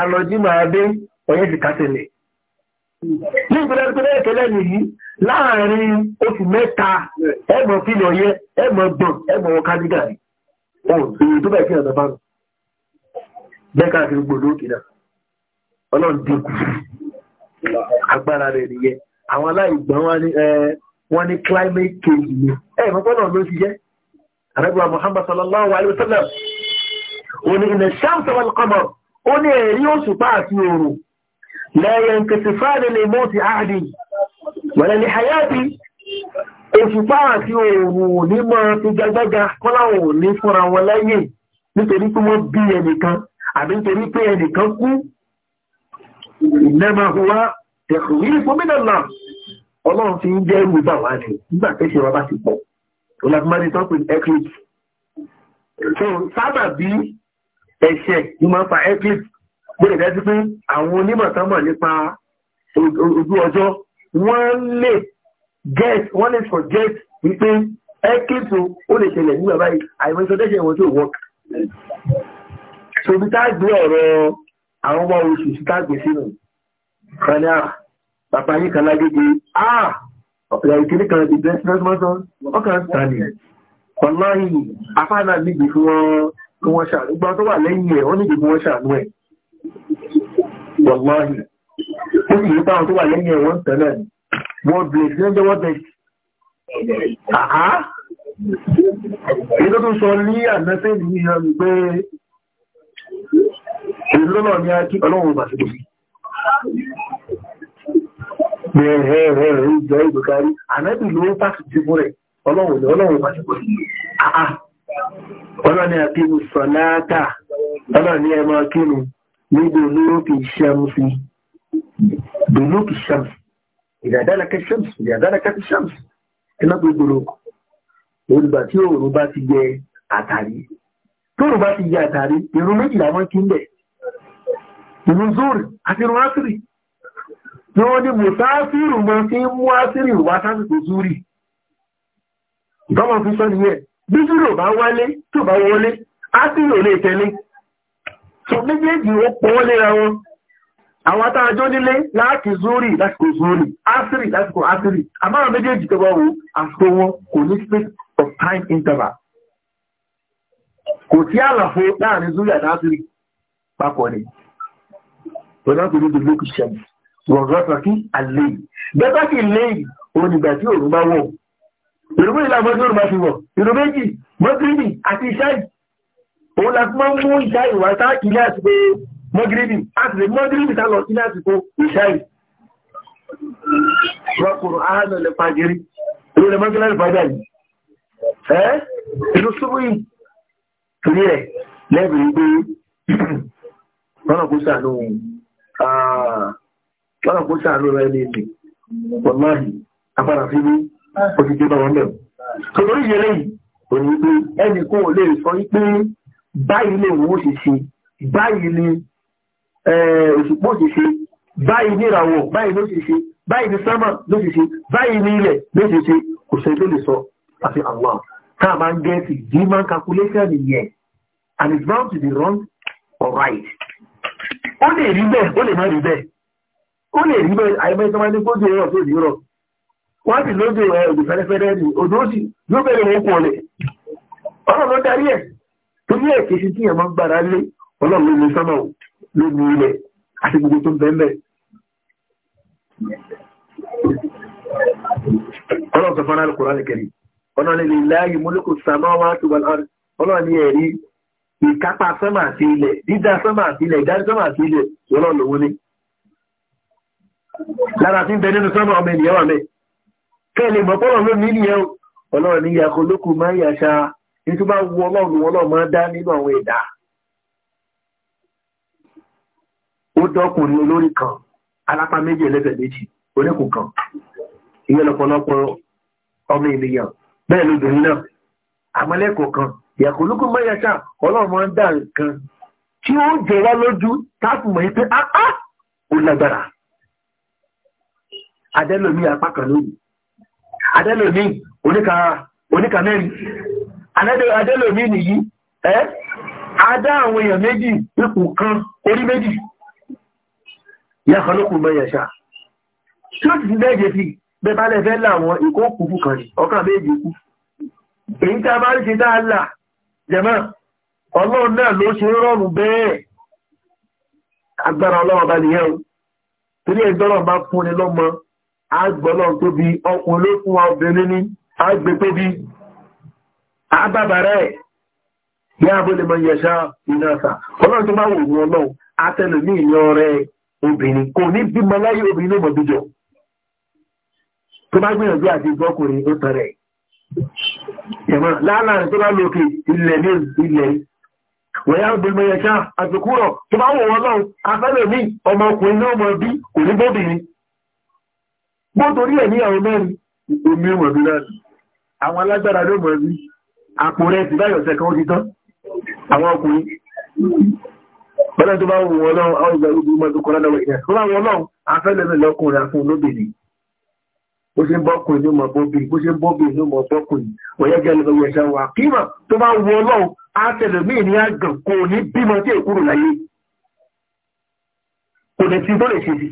alọjí máa dé ọ̀yẹ́ ti kásẹ̀lẹ̀. na ìpínlẹ̀ ìpínlẹ̀ ìkẹlẹ̀ nìyí láàrin otu meta ẹgbọ̀n fílẹ̀ ọ̀yẹ́ ẹgbọ̀n gbọ̀n ẹgbọ̀n kájígà rí ohun èyí tó bẹ̀ẹ̀ n'oge na bá nù bẹ́ẹ̀ káàkiri gbòòrò òkè wọn climate change ni ẹ̀ mọ́pọ́nà ló ṣiṣẹ́ àrẹ́gbà muhammad sallallahu alayhi wa sallam òní ó ní ẹ̀rí òṣùpá àti oòrùn lẹ́yẹn kẹsìfáàdì lè mọ́ ti àádì wẹ̀lẹ̀ ní hayati òṣùpá àti oòrùn ní mọ́ ti gbẹgbẹ́ga kọ́láwọ̀ ní fúnra wọn lẹ́yìn nítorí pé wọ́n bí ẹnìkan àbí nítorí pé ẹnìkan kú ìnẹ́mà huwa tẹ̀kùrí so sábà bí ẹ̀ṣẹ̀ ní máa ń fa eclipse gbọ́dọ̀ dájú pé àwọn onímọ̀ tán mọ̀ nípa ojú ọjọ́ wọ́n lè get wọ́n lè forget wípé eclipse ó lè ṣẹlẹ̀ nígbà báyìí àìmọ̀ ìsọdẹ́ṣẹ̀ ìwọ̀n tí ò wọ́k sobi tágbé ọ̀rọ̀ àwọn ọmọ oṣù sí tágbé sínú kaná bàbá yìí kan lágbègbè ah ọ̀pẹ̀lẹ̀ ìkíní kan ti bẹ́ẹ̀ sí ọkàn tani ọlọ́yìn afáàná níbi fún wọn kí wọ́n ṣàánú gbá tó wà lẹ́yìn ẹ̀ wọ́n níbi kí wọ́n ṣàánú ẹ̀ wọ̀láhì ó sì yípa àwọn tó wà lẹ́yìn ẹ̀ wọ́n tẹ̀lẹ̀ wọ́n bèèrè tí wọ́n jẹ́ wọ́n bẹ̀rẹ̀ àá èyí tó tún sọ ní ànẹ́sẹ̀ ní ìyọnu pé èyí lọ́nà ní ìjọ ìgbèkárí ànẹ́bì ló pàṣẹ ti fún rẹ̀ ọlọ́run bàtí kò sí ọlọ́ni àkíwù sọ̀láátà ọlọ́ni ẹmọ kínú níbi olóòkè ṣẹ́mùsí olóòkè ṣẹ́mùsí ìdàdálẹ́kẹ́ ṣẹ́mùsí ìdàdálẹ́kẹ́ ṣẹ́mùsí iná gbogbo olùgbà tí òòrùn bá ti jẹ àtàrí tóòrùn bá ti jẹ àtàrí ìrun méjì làwọn kí ń bẹ̀ ìrun zóòrì àti ìrun ásírì tí wọ́n ní mùsáásírì mọ́ sí mú ásírì wá sásìkò zóòrì ìtọ́mọ̀ fi sọ nìyẹn bí zero bá wálé tó bá wọlé ásìlì ò lè tẹ̀lé so méjèèjì ó pọ́n léra wọn àwọn atájọ́ nílé láti zúrì lásìkò zúrì ásìrì lásìkò ásìrì àmára méjèèjì tó bá wo àsìkò wọn kò ní space of time interval kò sí àlàfo láàrin zúrì àti ásìrì papọ̀ ni wọn náà kò ní dùn lókè ṣẹ́yìn wọ̀n rọ́pàá kí àlè bẹ́ẹ̀ kì í léyìn òun ìgbà tí òun bá wọ̀ ìrùbí ìlànà mọ́jọ́rù máa fi wọ̀ ìrùbéjì mọ́gírìbì àti ìṣáì òun la fi máa ń mú ìṣáì wá tá ilé àsìkò mọ́gírìbì àti lè mọ́gírìbì tá lọ ilé àsìkò ìṣáì wọ́kùnrin àánà lè fàjírí ìlú lè mọ́gírìbì láti fàjà yìí ẹ́ ìlú súnmù yìí torí ẹ̀ lẹ́bìrì pé lọ́nà kó sàánú lọ́nà kó sàánú rẹ̀ ní ìlú wọ́n máa yìí afárá òṣìṣẹ́ bá wọn lẹ̀. tòlórí ìyẹlẹ yìí kò ní pé ẹnì kan ò lè sọ pé báyìí lè wọ́n ṣe ṣe báyìí ni òṣùpọ̀ ṣe ṣe báyìí ní ìràwọ̀ báyìí ló ṣe ṣe báyìí ní sámà ló ṣe ṣe báyìí ní ilẹ̀ ló ṣe ṣe kò sẹ́ni tó lè sọ àti àwọn tá a máa ń gẹ́ẹ̀sì and it's bound to be wrong or right. ó lè rí bẹ́ẹ̀ ó lè má rí bẹ́ẹ̀ ó lè rí bẹ́ẹ̀ àìmọ́ ìsọmọdé kó dé ọ̀rọ̀ wọ́n sì lóde ẹ̀ òdì fẹ́rẹ́fẹ́rẹ́ ni odò sì yóò bẹ̀rẹ̀ wọn kọ̀ lẹ̀ ọlọ́run ló darí ẹ̀ torí ẹ̀ kìí tí ẹ̀ máa ń gbára lé ọlọ́run ló ní sọ́nà ló ní ilẹ̀ àti gbogbo tó ń bẹ́ẹ̀ bẹ́ẹ̀. ọlọ́run sọ fún aráàlú kúránì kẹrì ọlọ́run lè láàyè mólókò sàmọ́ wá tó wà lọ́rùn ọlọ́run ní ẹ̀rí ìkápá kẹ́lẹ̀ mọ̀pọ̀lọ̀ ló ní ìyẹn ọlọ́run ní ìyàkó lókù máa ń yàṣà ní tó bá wu ọlọ́run wọn lọ́ọ̀ máa dá nínú àwọn ẹ̀dá ó dọ́kùnrin olórí kan alápá méjì ẹlẹ́fẹ̀ méjì oníkùn kan ìyẹn lọ́pọ̀lọpọ̀ ọmọ ènìyàn bẹ́ẹ̀ lóbìnrin náà àmọ́lẹ́kọ̀ọ́ kan ìyàkó lókù máa yàṣà ọlọ́run máa ń dá nǹkan tí ó jẹ wá lójú táàpùmọ̀ yìí pé ah, ah, ó lágbára adẹ́lómi apá kan lónìí adẹ́lòmí oníkà mẹ́rin adẹ́lòmí nìyí ẹ́ adá àwọn èèyàn méjì ipò kan orí méjì yàkọlọ́kù mẹ́yẹ̀ṣà tí ó ti ti bẹ́ẹ̀jẹ̀ sí bẹ́bálẹ̀ fẹ́ láwọn ikọ́ òkùnkù kan ní ọkàn méjì kú èyí tí a bá rí ṣe dáàlà jẹ̀mọ́ ọlọ́run náà ló ṣe rọrùn bẹ́ẹ̀ agbára ọlọ́run bá nìyẹn o torí ẹgbẹ́rọ̀ bá fún ni lọ́mọ agbọ́lọ́ tóbi ọkùn ló fún ọbìnrin ní agbé tóbi abábàrẹ̀ ní abúlẹ̀mọ̀ yẹ̀ṣá ìnáṣà ọlọ́run tó bá wò wọ́n lọ́wọ́ atẹ́lù ní ìyàn rẹ̀ obìnrin kò ní bímọ láyé obìnrin ló mọ̀bíjọ tó bá gbìyànjú àti ìgbọ́kùnrin ó tọrẹ ẹ̀mọ́ láàárín tó bá lókè ilẹ̀ ní ilẹ̀ wọ́n yá obìnrin yẹ̀ṣá àtìkúrọ̀ tó bá wò wọ́n lọ́wọ́ afẹ́lẹ̀ ní ọmọkùnrin náà mọ̀ bí kò ní bóbìnrin bó torí ẹ̀ níyàwó mẹ́rin omi ọmọ bí náà àwọn alágbára ló mọ̀ rí àpò rẹ̀ ti báyọ̀ sẹ́kọ́ ti tán àwọn ọkùnrin bọ́lá tó bá wù wọn lọ́wọ́ àwọn ìgbà ìlú mọ́tò kọ́lá lọ́wọ́ ìyá tó bá wọn lọ́wọ́ afẹ́lẹ́mẹ́ lọ́kùnrin àfún lóbìnrin bó ṣe ń bọ́kùnrin ló mọ̀ bóbìnrin bó ṣe ń bóbìnrin ló mọ̀ bọ́kùnrin wọ̀nyẹ́ jẹ́ lọ́wọ́ ẹ̀ṣẹ́ wa kíma tó bá wù wọn lọ́wọ́ afẹ́lẹ́mẹ́ ní àgàn kò ní bímọ tí èkúrò láyé kò ní ti tó ṣe sí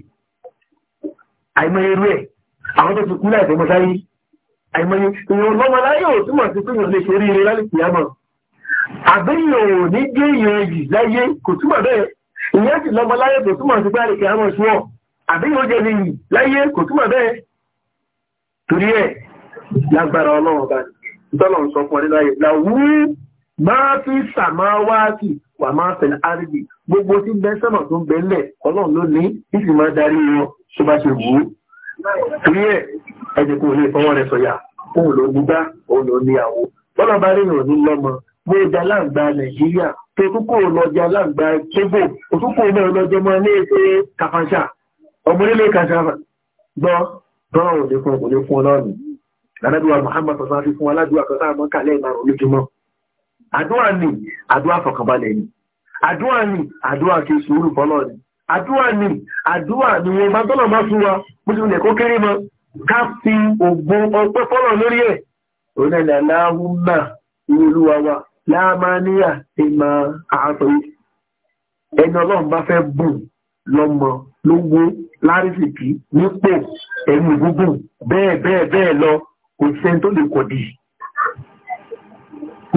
àìmọye irú ẹ̀ àwọn tó ti kú láì fọmọ sáyé àìmọye èèyàn lọ́mọ láyé ò túmọ̀ sí pé èèyàn lè ṣe rí ire lálẹ́ ìyàmọ̀ àbẹ́yìn ò ní gé èèyàn yìí láyé kò túmọ̀ bẹ́ẹ̀ ìyẹn sì lọ́mọ láyé kò túmọ̀ sí pé àlèkè àmọ̀ ṣùọ́ àbẹ́yìn ó jẹ́ ní yìí láyé kò túmọ̀ bẹ́ẹ̀ torí ẹ̀ lágbára ọlọ́run bá tọ́lọ̀ ń sọ fún ọdún láyé làwú máa fi sàmáwáàkì wà máa fẹ̀ láàrín gbogbo tí ń bẹ sọ́nà tó ń bẹ ńlẹ̀ ọlọ́run ló ní ìsìn máa darí wọn tó bá ṣe wù ú torí ẹ̀ ẹ̀jẹ̀ kò lè fọwọ́ rẹ̀ sọ̀yà òun ló ní bá òun ló ní àwo bọ́lá bá rí ìròyìn lọ́mọ mo da láǹgbà nàìjíríà tó kókó lọ́jà láǹgbà kébò òkókó náà lọ́jọ́ mọ́ ní ètò kàfàṣà ọmọ nílé kàfàṣà gbọ́ gbọ́ òde fún òde fún ọlọ́run lànàdúrà muhammad sọ̀tàn fi fún aládùúgbà kan sáà kálẹ̀ ìmọ̀ràn olójúmọ́ àdúrà ni àdúrà fọkànbalẹ̀ ni àdúrà ni àdúrà kí sùúrù fọlọ́run àdúrà ni àdúrà ni wọn bá tọ́lọ̀ máa fún wa bó ti lè kó kéré mọ́ ká fi ògùn ọpẹ́ fọ́lọ̀ lórí ẹ̀ onílẹ̀ láhùnmá ìrúwa wa láàmáníyà ti máa àátọ́ yìí ẹni ọlọ́run bá fẹ́ bùn lọ́mọ lówó lárísìkí nípò ẹ̀yìn gúgùn bẹ́ẹ̀ bẹ́ẹ̀ bẹ́ẹ̀ lọ kò sẹ́ni tó lè kọ̀dì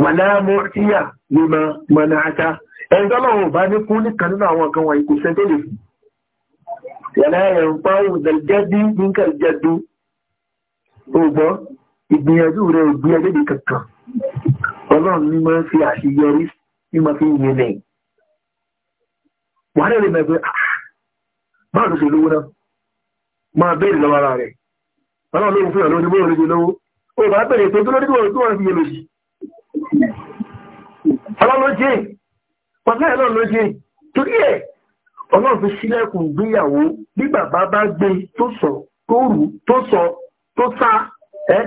wàlámọ́tíyà ni máa mọ̀nà ata ẹni tọ́lọ́run bá ní kún nìkan nínú àwọn nǹkan wọ̀nyí kò sẹ́ńtò lè fún yàrá ẹ̀rọ ń pa òdàlùjẹ́dí níkà ìjẹ́dú ògbọ́ ìgbìyànjú rẹ̀ ògbìyànjú ní kankan ọlọ́run ní máa ń fi àṣeyọrí ní máa fi yìn lẹ̀ wàá rẹ̀ mẹ́gbẹ́ máa ah, ló ṣe lówó náà máa béèrè lọ́wọ́ ara rẹ̀ ọlọ́run ló ń fi yẹ lòṣì ọlọ́run pàtàkì náà ló ṣe torí ẹ̀ ọlọ́run fi sílẹ̀kùn gbéyàwó bí bàbá bá gbé tó sọ tó rù tó sọ tó sá ẹ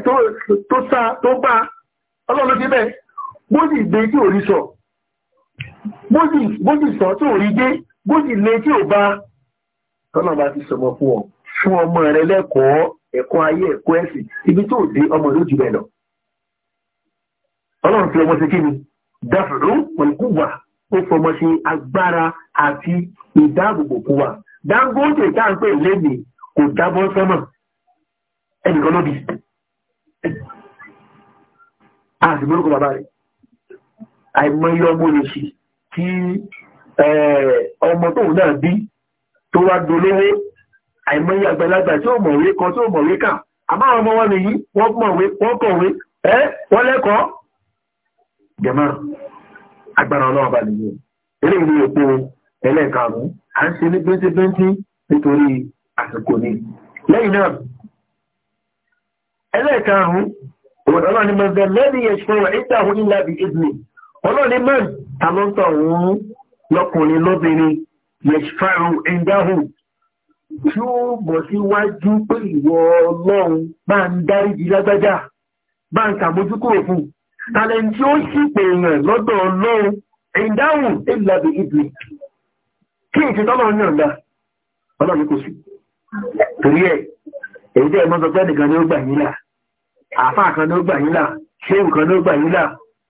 tó sá tó bá ọlọ́run ló ṣe bẹ́ẹ̀ bó sì gbé tí ò rí sọ bó sì sọ tí ò rí dé bó sì le tí ò bá tọ́nà bá ti sọmọ fún ọ fún ọmọ rẹ lẹ́kọ̀ọ́ ẹ̀kọ́ ayé ẹ̀kọ́ ẹ̀sìn ibi tó dé ọmọ lójú rẹ ọlọ́run fi ọmọ sí kí ni dáfẹ̀rún pẹ̀lú kúwà ó fọmọ ṣe agbára àti ìdáàbòbò fún wa dangote tá à ń pè lẹ́nìí kò jábọ́ sọ́mà ẹnìkan ló di àtìmọ́lùkọ bàbá rẹ̀ àìmọye ọmọ olóṣì tí ọmọ tóun náà bí tó wá dolówó àìmọye àgbàlagbà tí ó mọ̀wé kan tí ó mọ̀wé kà àmọ́ àwọn ọmọ wọn nìyí wọ́n mọ̀wé wọ́n kọ̀wé ẹ́ wọ́n lẹ́kọ̀ọ́ jẹ̀mọ́ agbára ọlọ́run bá nìyẹn eléyìí ní epo ẹlẹ́ẹ̀karùn-ún à ń ṣe ní péńtípéńtí nítorí àsìkò ni lẹ́yìn náà ẹlẹ́ẹ̀karùn-ún ọlọ́run ni mọ̀ọ́dẹ lẹ́ni ẹ̀ṣọ́ ìdáhùn ilẹ̀ àbí ìdílé ọlọ́run ni mọ̀ọ́n ta ló ń tọ̀ wọ́n lọ́kùnrin lóbìnrin yẹ̀ṣfàrù ìdáhùn tí ó bọ̀ síwájú pé ìwọ ọlọ́run bá ń dáríjì lágbájá bá ń ṣàmójúkúrò fún un tàlẹ̀ tí ó sì pè èèyàn lọ́dọ̀ ọlọ́run ìdáhùn ìlàbí ìbí kí n ti tọ́lọ̀ ní ọ̀dá ọlọ́run kò sí torí ẹ̀ èyí tẹ́ ẹ̀mọ́sọ pé nìkan ni ó gbà yín là àfá kan ni ó gbà yín là ṣéwù kan ni ó gbà yín là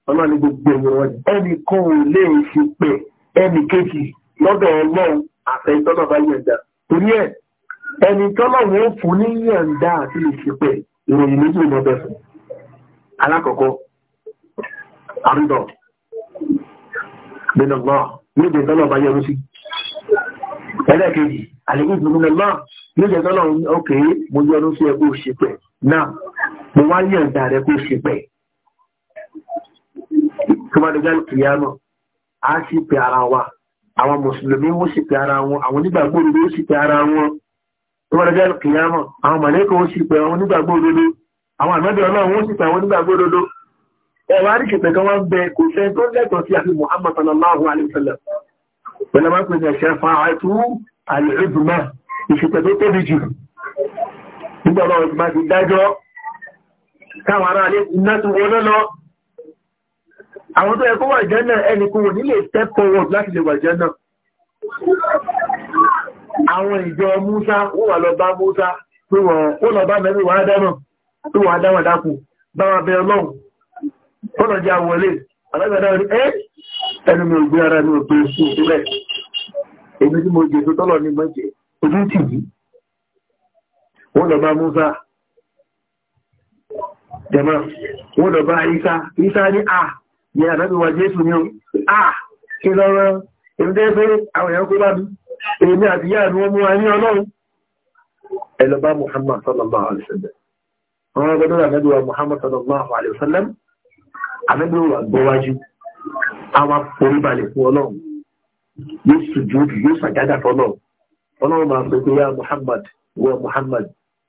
ọlọ́run gbogbo èèyàn ẹnì kan ò lè fi pẹ̀ ẹnì kejì lọ́dọ̀ ọlọ́run àfẹ́ tọ́lọ̀ bá yọ̀ǹda torí ẹ̀ ẹnì tọ́lọ̀ wọn fún ní yọ̀ǹda àti ìṣepẹ̀ àrídọ̀ nínàlá níbi ìtọ́lọ̀ bá yẹ rúsí ẹlẹ́ẹ̀kejì àlẹ́gbẹ̀ẹ́ nínàlá níbi ìtọ́lọ̀ òkè mo yẹ rúsí ẹ kó ṣe pẹ̀ náà mo wá yẹ ọ̀dà rẹ kó ṣe pẹ̀ tó bá dọjá kìyàmọ̀ á sì pẹ ara wa àwọn mùsùlùmí ó sì ara wọn àwọn onígbàgbọ́ ẹ̀wà àríkẹ̀tẹ̀ kan wọ́n bẹ kò fẹ́ tó lẹ́tọ̀ sí àfi Muhammad sallallahu alaihi wasallam pẹ̀lú máa ń pè ní ẹ̀ṣẹ́ fa àìtú àlẹ́ẹ̀dùnmá ìṣẹ̀tẹ̀ tó tóbi jù nígbà ọ̀rọ̀ ìgbà ti dájọ́ káwọn ará alẹ́ iná tó wọlé lọ àwọn tó yẹ kó wà jẹ́ náà ẹni kó wò nílé step forward láti lè wà jẹ́ náà àwọn ìjọ Musa wọ́n wà lọ bá Musa tó wọ́n lọ bá mẹ́rin wà á dáná tó wà á dáwà dákù báwa bẹ Ọlọ́run ọlọ́jà wọlé alágbàdá rí ẹ́ ẹnu mi ò gbé ara mi ò gbé sí ìpínlẹ̀ èmi tí mo jẹ tó tọ́lọ̀ ní mọ́jẹ ojú tì yí wọ́n lọ bá Musa jẹ̀mọ́ wọ́n lọ bá Isa Isa ní a ní àdábíwá Jésù ní a kí lọ́rọ́ èmi tẹ́ pé àwọn èèyàn kó bá mi èmi àti yáà ni wọ́n mú wa ní Ọlọ́run ẹ lọ bá Muhammad sallallahu alaihi wasallam àwọn ọgbọ́dọ̀ àdábíwá Muhammad sallallahu alaihi wasallam àbẹ́bí wà gbọ́wájú àwa forí balẹ̀ fún ọlọ́run yóò sùjú yóò sàjádà fọlọ́ ọlọ́run máa sọ pé yá muhammad wọ muhammad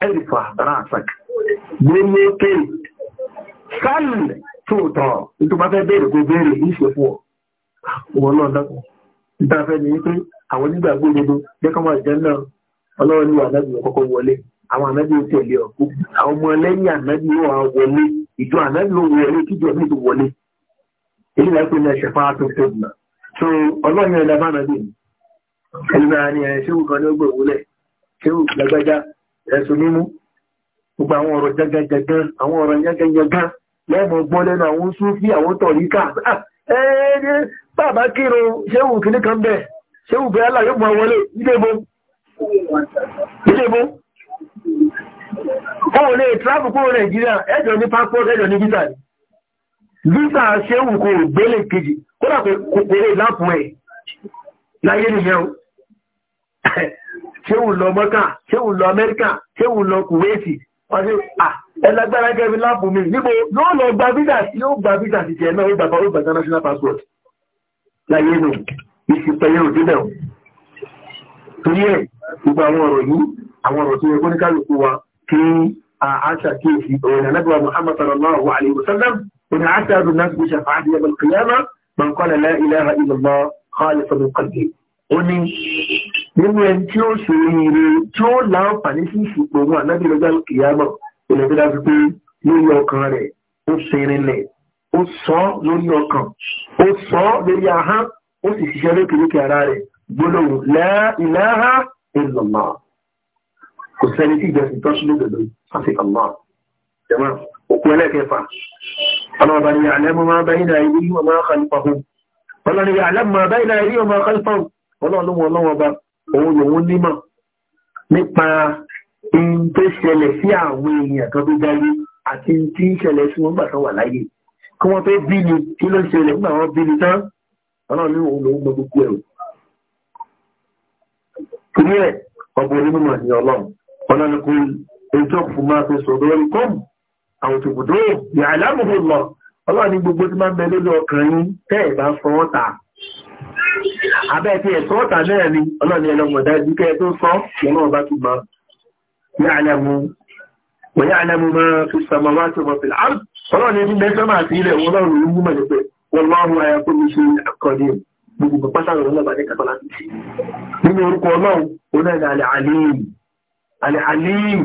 ẹ̀rì fà bàrà àsàk gbẹ́mí pé sálì tóòtọ̀ nítorí wọ́n fẹ́ béèrè kó béèrè ìṣe fún ọ wọn náà dákọ̀ nítorí fẹ́ ni pé àwọn onígbàgbọ́ òdodo jẹ́kọ́ máa jẹ́ náà ọlọ́run ní wà náà kọ́kọ́ wọlé àwọn ànábì ó tẹ̀lé ọ ìjọ ànábì ló wọ ẹ̀rẹ́ kíjọ mi ti wọlé èyí láti ní ẹ̀ṣẹ̀ so ọlọ́run ẹ̀dá bá nàbí mi ẹni náà ni ẹ̀ ṣéwù kan ní ó gbè wúlẹ̀ ṣéwù lágbájá ẹ̀sùn mímú gbogbo àwọn ọ̀rọ̀ jẹ́gẹ́jẹ́gán àwọn ọ̀rọ̀ jẹ́gẹ́jẹ́gán lẹ́mọ̀ gbọ́ lẹ́nu àwọn súnfí àwọn tọ̀ríkà ah, ẹni bàbá kírun ṣéwù kìíní kan bẹ̀ kọ́wọ́ lè travel kúrò nàìjíríà ẹjọ́ ní passport ẹjọ́ ní visa ni visa ṣéwù kò gbélé kejì kódà kò pèrè lápò ẹ̀ láyé nìyẹn o ṣéwù lọ mọ́kà ṣéwù lọ amẹ́ríkà ṣéwù lọ kùwéèsì wọ́n ṣe ẹlágbára gẹ́gẹ́ lápò mi níbo yóò lọ gba visa tí ó gba visa ti tiẹ̀ náà ó gbàgbà ó gbàgbà national passport láyé nù ìsìnkẹyẹ òdílẹ̀ o torí ẹ̀ gbogbo àwọn ọ̀rọ̀ yìí àwọn ọ̀rọ̀ tó yẹ kó ní kálukú wa kí àṣà kí èsì òun ànábì wa muhammad sallallahu alayhi wa sallam òun àṣà àdùn náà kò ṣàfàdì ẹgbẹ kìyàmá man qala la ilaha illallah khalisan min qalbi ó ní nínú ẹni tí ó ṣe ire tí ó láǹfààní sí ìsìnkú òun ànábì lọ́jọ́ kìyàmá òun dájú pé lórí ọkàn rẹ̀ ó ṣe ó sọ lórí ọkàn ó sọ lórí ahọ́n ó sì ṣiṣẹ́ lókèrékè ara rẹ̀ gbólóhùn la ilaha illallah kò sẹ́ni tí ìjọsìn tó ṣílẹ̀ dọ̀dọ̀ sáfì àmọ́ jẹ́mọ́ òkú ẹlẹ́kẹfà ọlọ́ọ̀bá ni àlẹ́mú máa bá iná ilé yíwọ̀ máa kàlùpàá ọlọ́run ni àlẹ́mú máa bá iná ilé yíwọ̀ máa kàlùpàá ọlọ́run ọlọ́wọ́ ọba òun lòun nímọ̀ nípa in tó ṣẹlẹ̀ sí àwọn èèyàn kan tó jáde àti in tí ń ṣẹlẹ̀ sí wọn gbàtàn wà láyé kí wọ́n tó bí ni kí ló ń ṣẹlẹ̀ nígbà wọn bí ni tán ọlọ́run òun lòun gbogbo ẹ̀ ọgbọ̀n onímọ̀ ni ọlọ́run ọlọ́nìkú ẹjọ́ fún máa ما في صدوركم kọ́m àwọn يعلمه الله الله lọ ọlọ́ni ما tí máa ń bẹ lórí ọkàn yín tẹ́ ẹ̀ bá sọ ọ́ta abẹ́ tí ẹ̀ sọ ọ́ta náà ni ọlọ́ni ẹlọ́mọ̀dá ibi kẹ́ ẹ tó sọ ìyọ́nà ọba tó mọ yà aláàmù wọ̀nyá aláàmù máa fi sàmà wá sí ọmọfìlà ọlọ́ni ẹni mẹ́fẹ́ máa sí ilẹ̀ wọn lọ́rùn ìlú mọ̀ nípẹ́ wọn lọ́rùn ayakó mi ṣe àkọọ́dẹ gbogbo pátá lọ́rùn náà bá ní kàtọ́lá nínú orúkọ ọlọ́run ó náà ní alẹ́ àlẹ́ àlíyù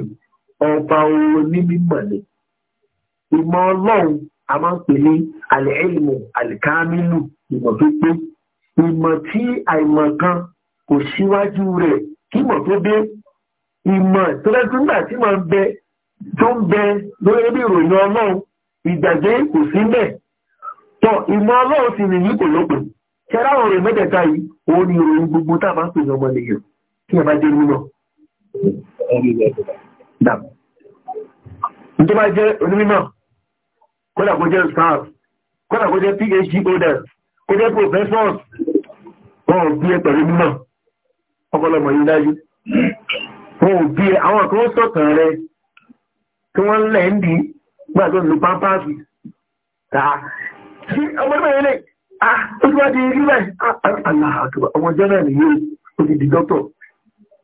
ọba oní mímọ̀ ni ìmọ̀ ọlọ́run a máa ń pè ní àlẹ́ ìlmù àlìkámílù ìmọ̀ tó pé ìmọ̀ tí àìmọ̀ kan kò síwájú rẹ̀ kí ìmọ̀ tó dé ìmọ̀ tó lẹ́tún nígbà tí màá bẹ tó ń bẹ lórí bí ìròyìn ọlọ́run ìgbàgbé kò sí mẹ́ tọ́ ìmọ̀ ọlọ́run sì nìyí kò lópin ṣẹ́rá àwọn ọ̀rẹ́ mẹ́tẹ̀ẹ̀ta yìí òun ni ìròyìn gbogbo tá a máa ń pè ní ọmọ nìyẹn kí ẹ bá dé nínú dàbí. tó bá jẹ́ onímọ̀ kódà kó jẹ́ staff kódà kó jẹ́ phd holders kó jẹ́ professors wọn ò bí ẹ pẹ̀lú mímọ̀ ọpọlọmọ yìí dájú wọn ò bí ẹ àwọn kan sọ̀tàn rẹ tí wọ́n lẹ̀ ń dì gbà tó lu pampasì ọmọdé mẹ́rin lè ah ó ti wá di rí bẹ́ẹ̀ ah, ọmọ jẹ́ náà nìyí ó ti di dókítà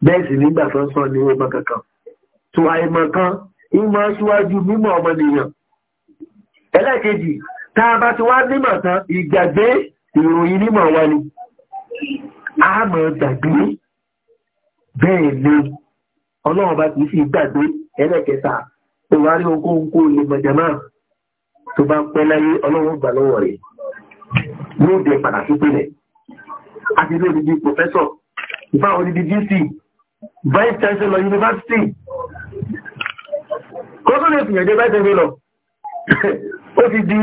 bẹ́ẹ̀ sì nígbà tó ń sọ ní ọmọ kankan tó àìmọ̀ kan ń mọ́ síwájú mímọ̀ ọmọnìyàn ẹlẹ́kejì tá a bá ti wá nímọ̀ tán ìgbàgbé ìròyìn ni a gbàgbé bẹ́ẹ̀ ni ọlọ́run bá kìí sí gbàgbé ẹlẹ́kẹta tó wá ilé mọ̀jàmá tó bá pẹ́ láyé ọlọ́run gbà lọ́wọ́ rẹ̀ yóò padà sí àti ilé vice chancellor university kó tó lè fìyàn dé vice chancellor ó ti di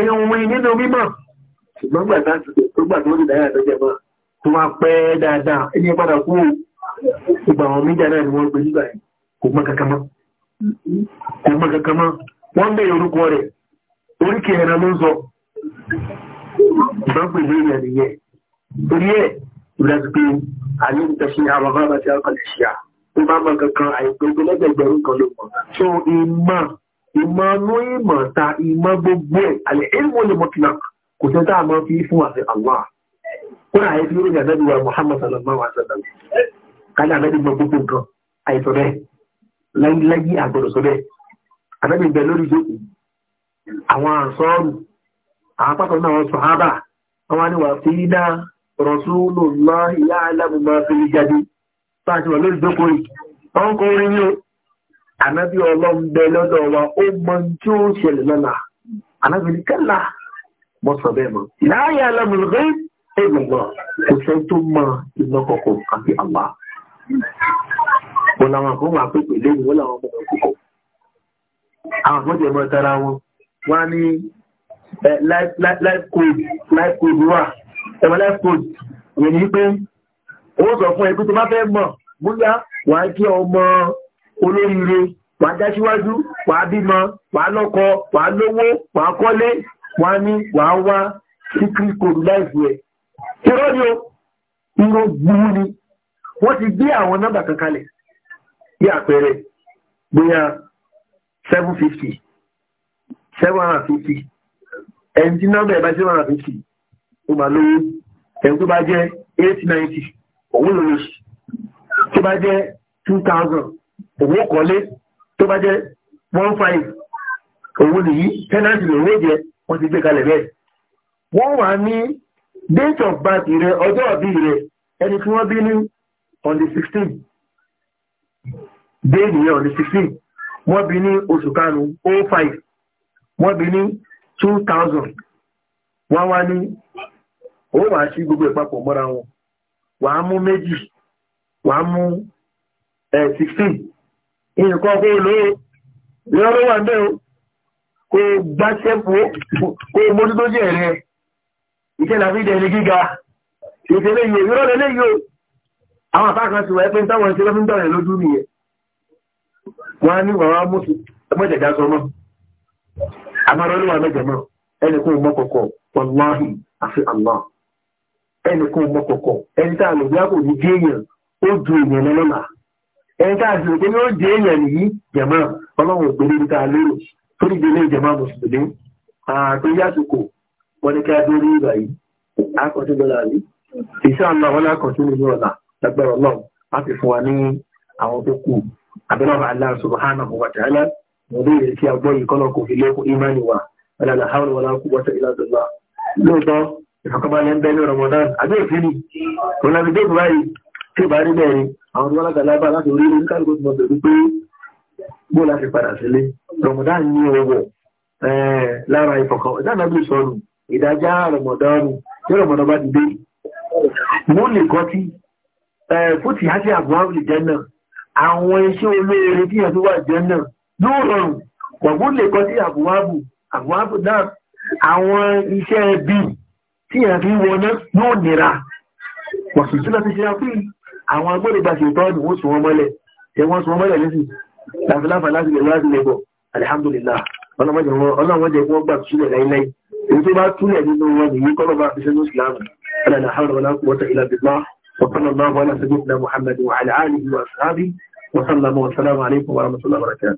ìwọ̀n nínú mímọ̀ ṣùgbọ́n gbàtà tó gbà tó dìdáyà tó jẹ mọ́ tó máa pẹ́ dáadáa ẹni padà kú ìgbà àwọn mídíà náà ni wọ́n gbé nígbà yìí kò mọ́ kankan mọ́ kò mọ́ kankan mọ́ wọ́n bèèrè orúkọ rẹ̀ oríkèé ẹran ló ń sọ ìbá pèlè ìyẹn nìyẹn torí ẹ̀ ìdásí pé àní ìtẹ̀sí àwọn bàbá ti ọkọ̀ lè ṣíà tó bá mọ̀ kankan àìpé gbẹlẹ́gbẹ̀gbẹ̀rún kan ló mọ̀ so ìmọ̀ ìmọ̀ inú ìmọ̀ ta ìmọ̀ gbogbo ẹ̀ àlẹ́ ìmọ̀ lè mọ̀tìlá kò sí tá a mọ̀ fi fún àti Allah ó rà ayé fi rìn ànábì wa Muhammad sallallahu alaihi wa sallam kálí ànábì mọ̀ gbogbo nǹkan àìsàn bẹ́ẹ̀ láyé àgbọ̀dọ̀ sọ bẹ́ẹ̀ ànábì bẹ lórí ìjókòó àwọn àǹsọ́ọ̀rù àwọn apá kan náà wọ́n sọ̀ Rasulullah ya'lamu ma fil jadi táàtì wà lórí ìjókòó yìí wọ́n kọ́ orin yóò ànábì ọlọ́run bẹ lọ́dọ̀ wa ó mọ tí ó ṣẹlẹ̀ lọ́la ànábì ní kẹ́là mọ́ sọ bẹ́ẹ̀ mọ́ láàyè alámùlùmí ẹgbẹ̀gbọ́n kò sẹ́ tó mọ iná kọ̀kọ̀ àti àwa wọn làwọn kan wà pé pèlè ìwọ làwọn ọmọ kọ̀kọ̀ ẹ̀wọ̀n life coach ìyẹn ni pé owó sọ fún ẹ pé tó bá fẹ́ mọ̀ bóyá wàá jẹ́ ọmọ olóríire wàá dáṣíwájú wàá bímọ wàá lọ́kọ wàá lówó wàá kọ́lé wàá ní wàá wá secret code life rẹ̀ irọ́ ni o irọ́ gbúrú ni wọ́n ti gbé àwọn nọ́mbà kan kalẹ̀ bí àpẹẹrẹ bóyá seven fifty seven hundred fifty ẹni tí nọ́mbà ẹ̀ bá seven hundred fifty ó máa lówó ẹ̀rù tó bá jẹ́ eight òun lòun sí tó bá jẹ́ two thousand òun kọ́lé tó bá jẹ́ one five òun nìyí tenant lòun jẹ wọ́n ti gbé kalẹ̀ bẹ́ẹ̀. wọ́n wà ní date of birth rẹ ọjọ́ ọ̀bí rẹ ẹni tí wọ́n bí ní on the sixteen dé nìyẹn on the sixteen wọ́n bí ní oṣù karùn-ún oh five wọ́n bí ní two thousand wọ́n wá ní o wàá sí gbogbo ìpapọ̀ mọ́ra wọn wa mú meji wàá mú ẹ̀ sixteen nǹkan kó lóo ìrọ́lọ́ wà o kò gbáṣẹ́ fò kò mójú ka jẹ́ rẹ̀ ìṣẹ́ làbí ìdẹ̀ ní gíga ìṣẹ́lẹ̀ yìí ìrọ́lẹ̀ lè yóò àwọn àpákan ti wà ẹ́pẹ́ táwọn ìṣẹ́lẹ̀ fún tàwọn lójú nìyẹn wọ́n á ní wà sọ mọ́ àmọ́ ìrọ́lẹ̀ wà mẹ́jẹ̀ mọ́ ẹnì àfi ẹnìkan ọmọ kọ̀kọ̀ ẹni tá a lò yàgò ní dé èèyàn ó ju èèyàn lọ lọ́nà ẹni tá a sì rò pé ó dé èèyàn nìyí jẹ̀mọ́ ọlọ́run ò gbélé níta lérò torí ìdílé jẹ̀mọ́ mùsùlùmí àtúnyà àsìkò wọn ni ká dórí ìgbà yìí àkọsí lọ́la rí ìṣe àná wọn lákọsí nínú ọ̀la lágbára ọlọ́run á fi fún wa ní àwọn tó kù àbẹ́lọ́ba Allah subhanahu wa ta'ala lórí ìfọkànbalẹ̀ ń bẹ ní Ramadan àbí òfin ni òun láti dé ìfúráyì tí ìbá rí bẹ́ẹ̀ ni àwọn ọmọ alágbàlábà láti orí ní kálukú ti mọ̀ pẹ̀lú pé bó láti padà sílé Ramadan ní ọwọ́ lára ìfọkàn ìdáná bí ìdájá Ramadan tí Ramadan bá ti dé mú lè kọ́ tí fúti á sí àbúrò àwọn ìjẹ́ náà àwọn iṣẹ́ olóore tí yẹn tó wà jẹ́ náà yóò rọrùn wọ̀gbọ́n lè kọ́ sí àbúrò àbù tí èèyàn fi wọná yóò nira wọ́n sì tún láti ṣe àfihàn àwọn agbódegbà ṣe tọ́ ni wọ́n sùn wọn mọ́lẹ̀ ẹ wọ́n sùn wọn mọ́lẹ̀ lẹ́sìn láti láǹfà láti lè láti lè bọ̀ alihamdulilah ọlọ́mọdé wọn ọlọ́mọdé wọn gbà túlẹ̀ láíláí èyí tó bá túlẹ̀ nínú wọn nìyí kọ́ الله على سيدنا محمد وعلى اله وصحبه وسلم والسلام عليكم ورحمه الله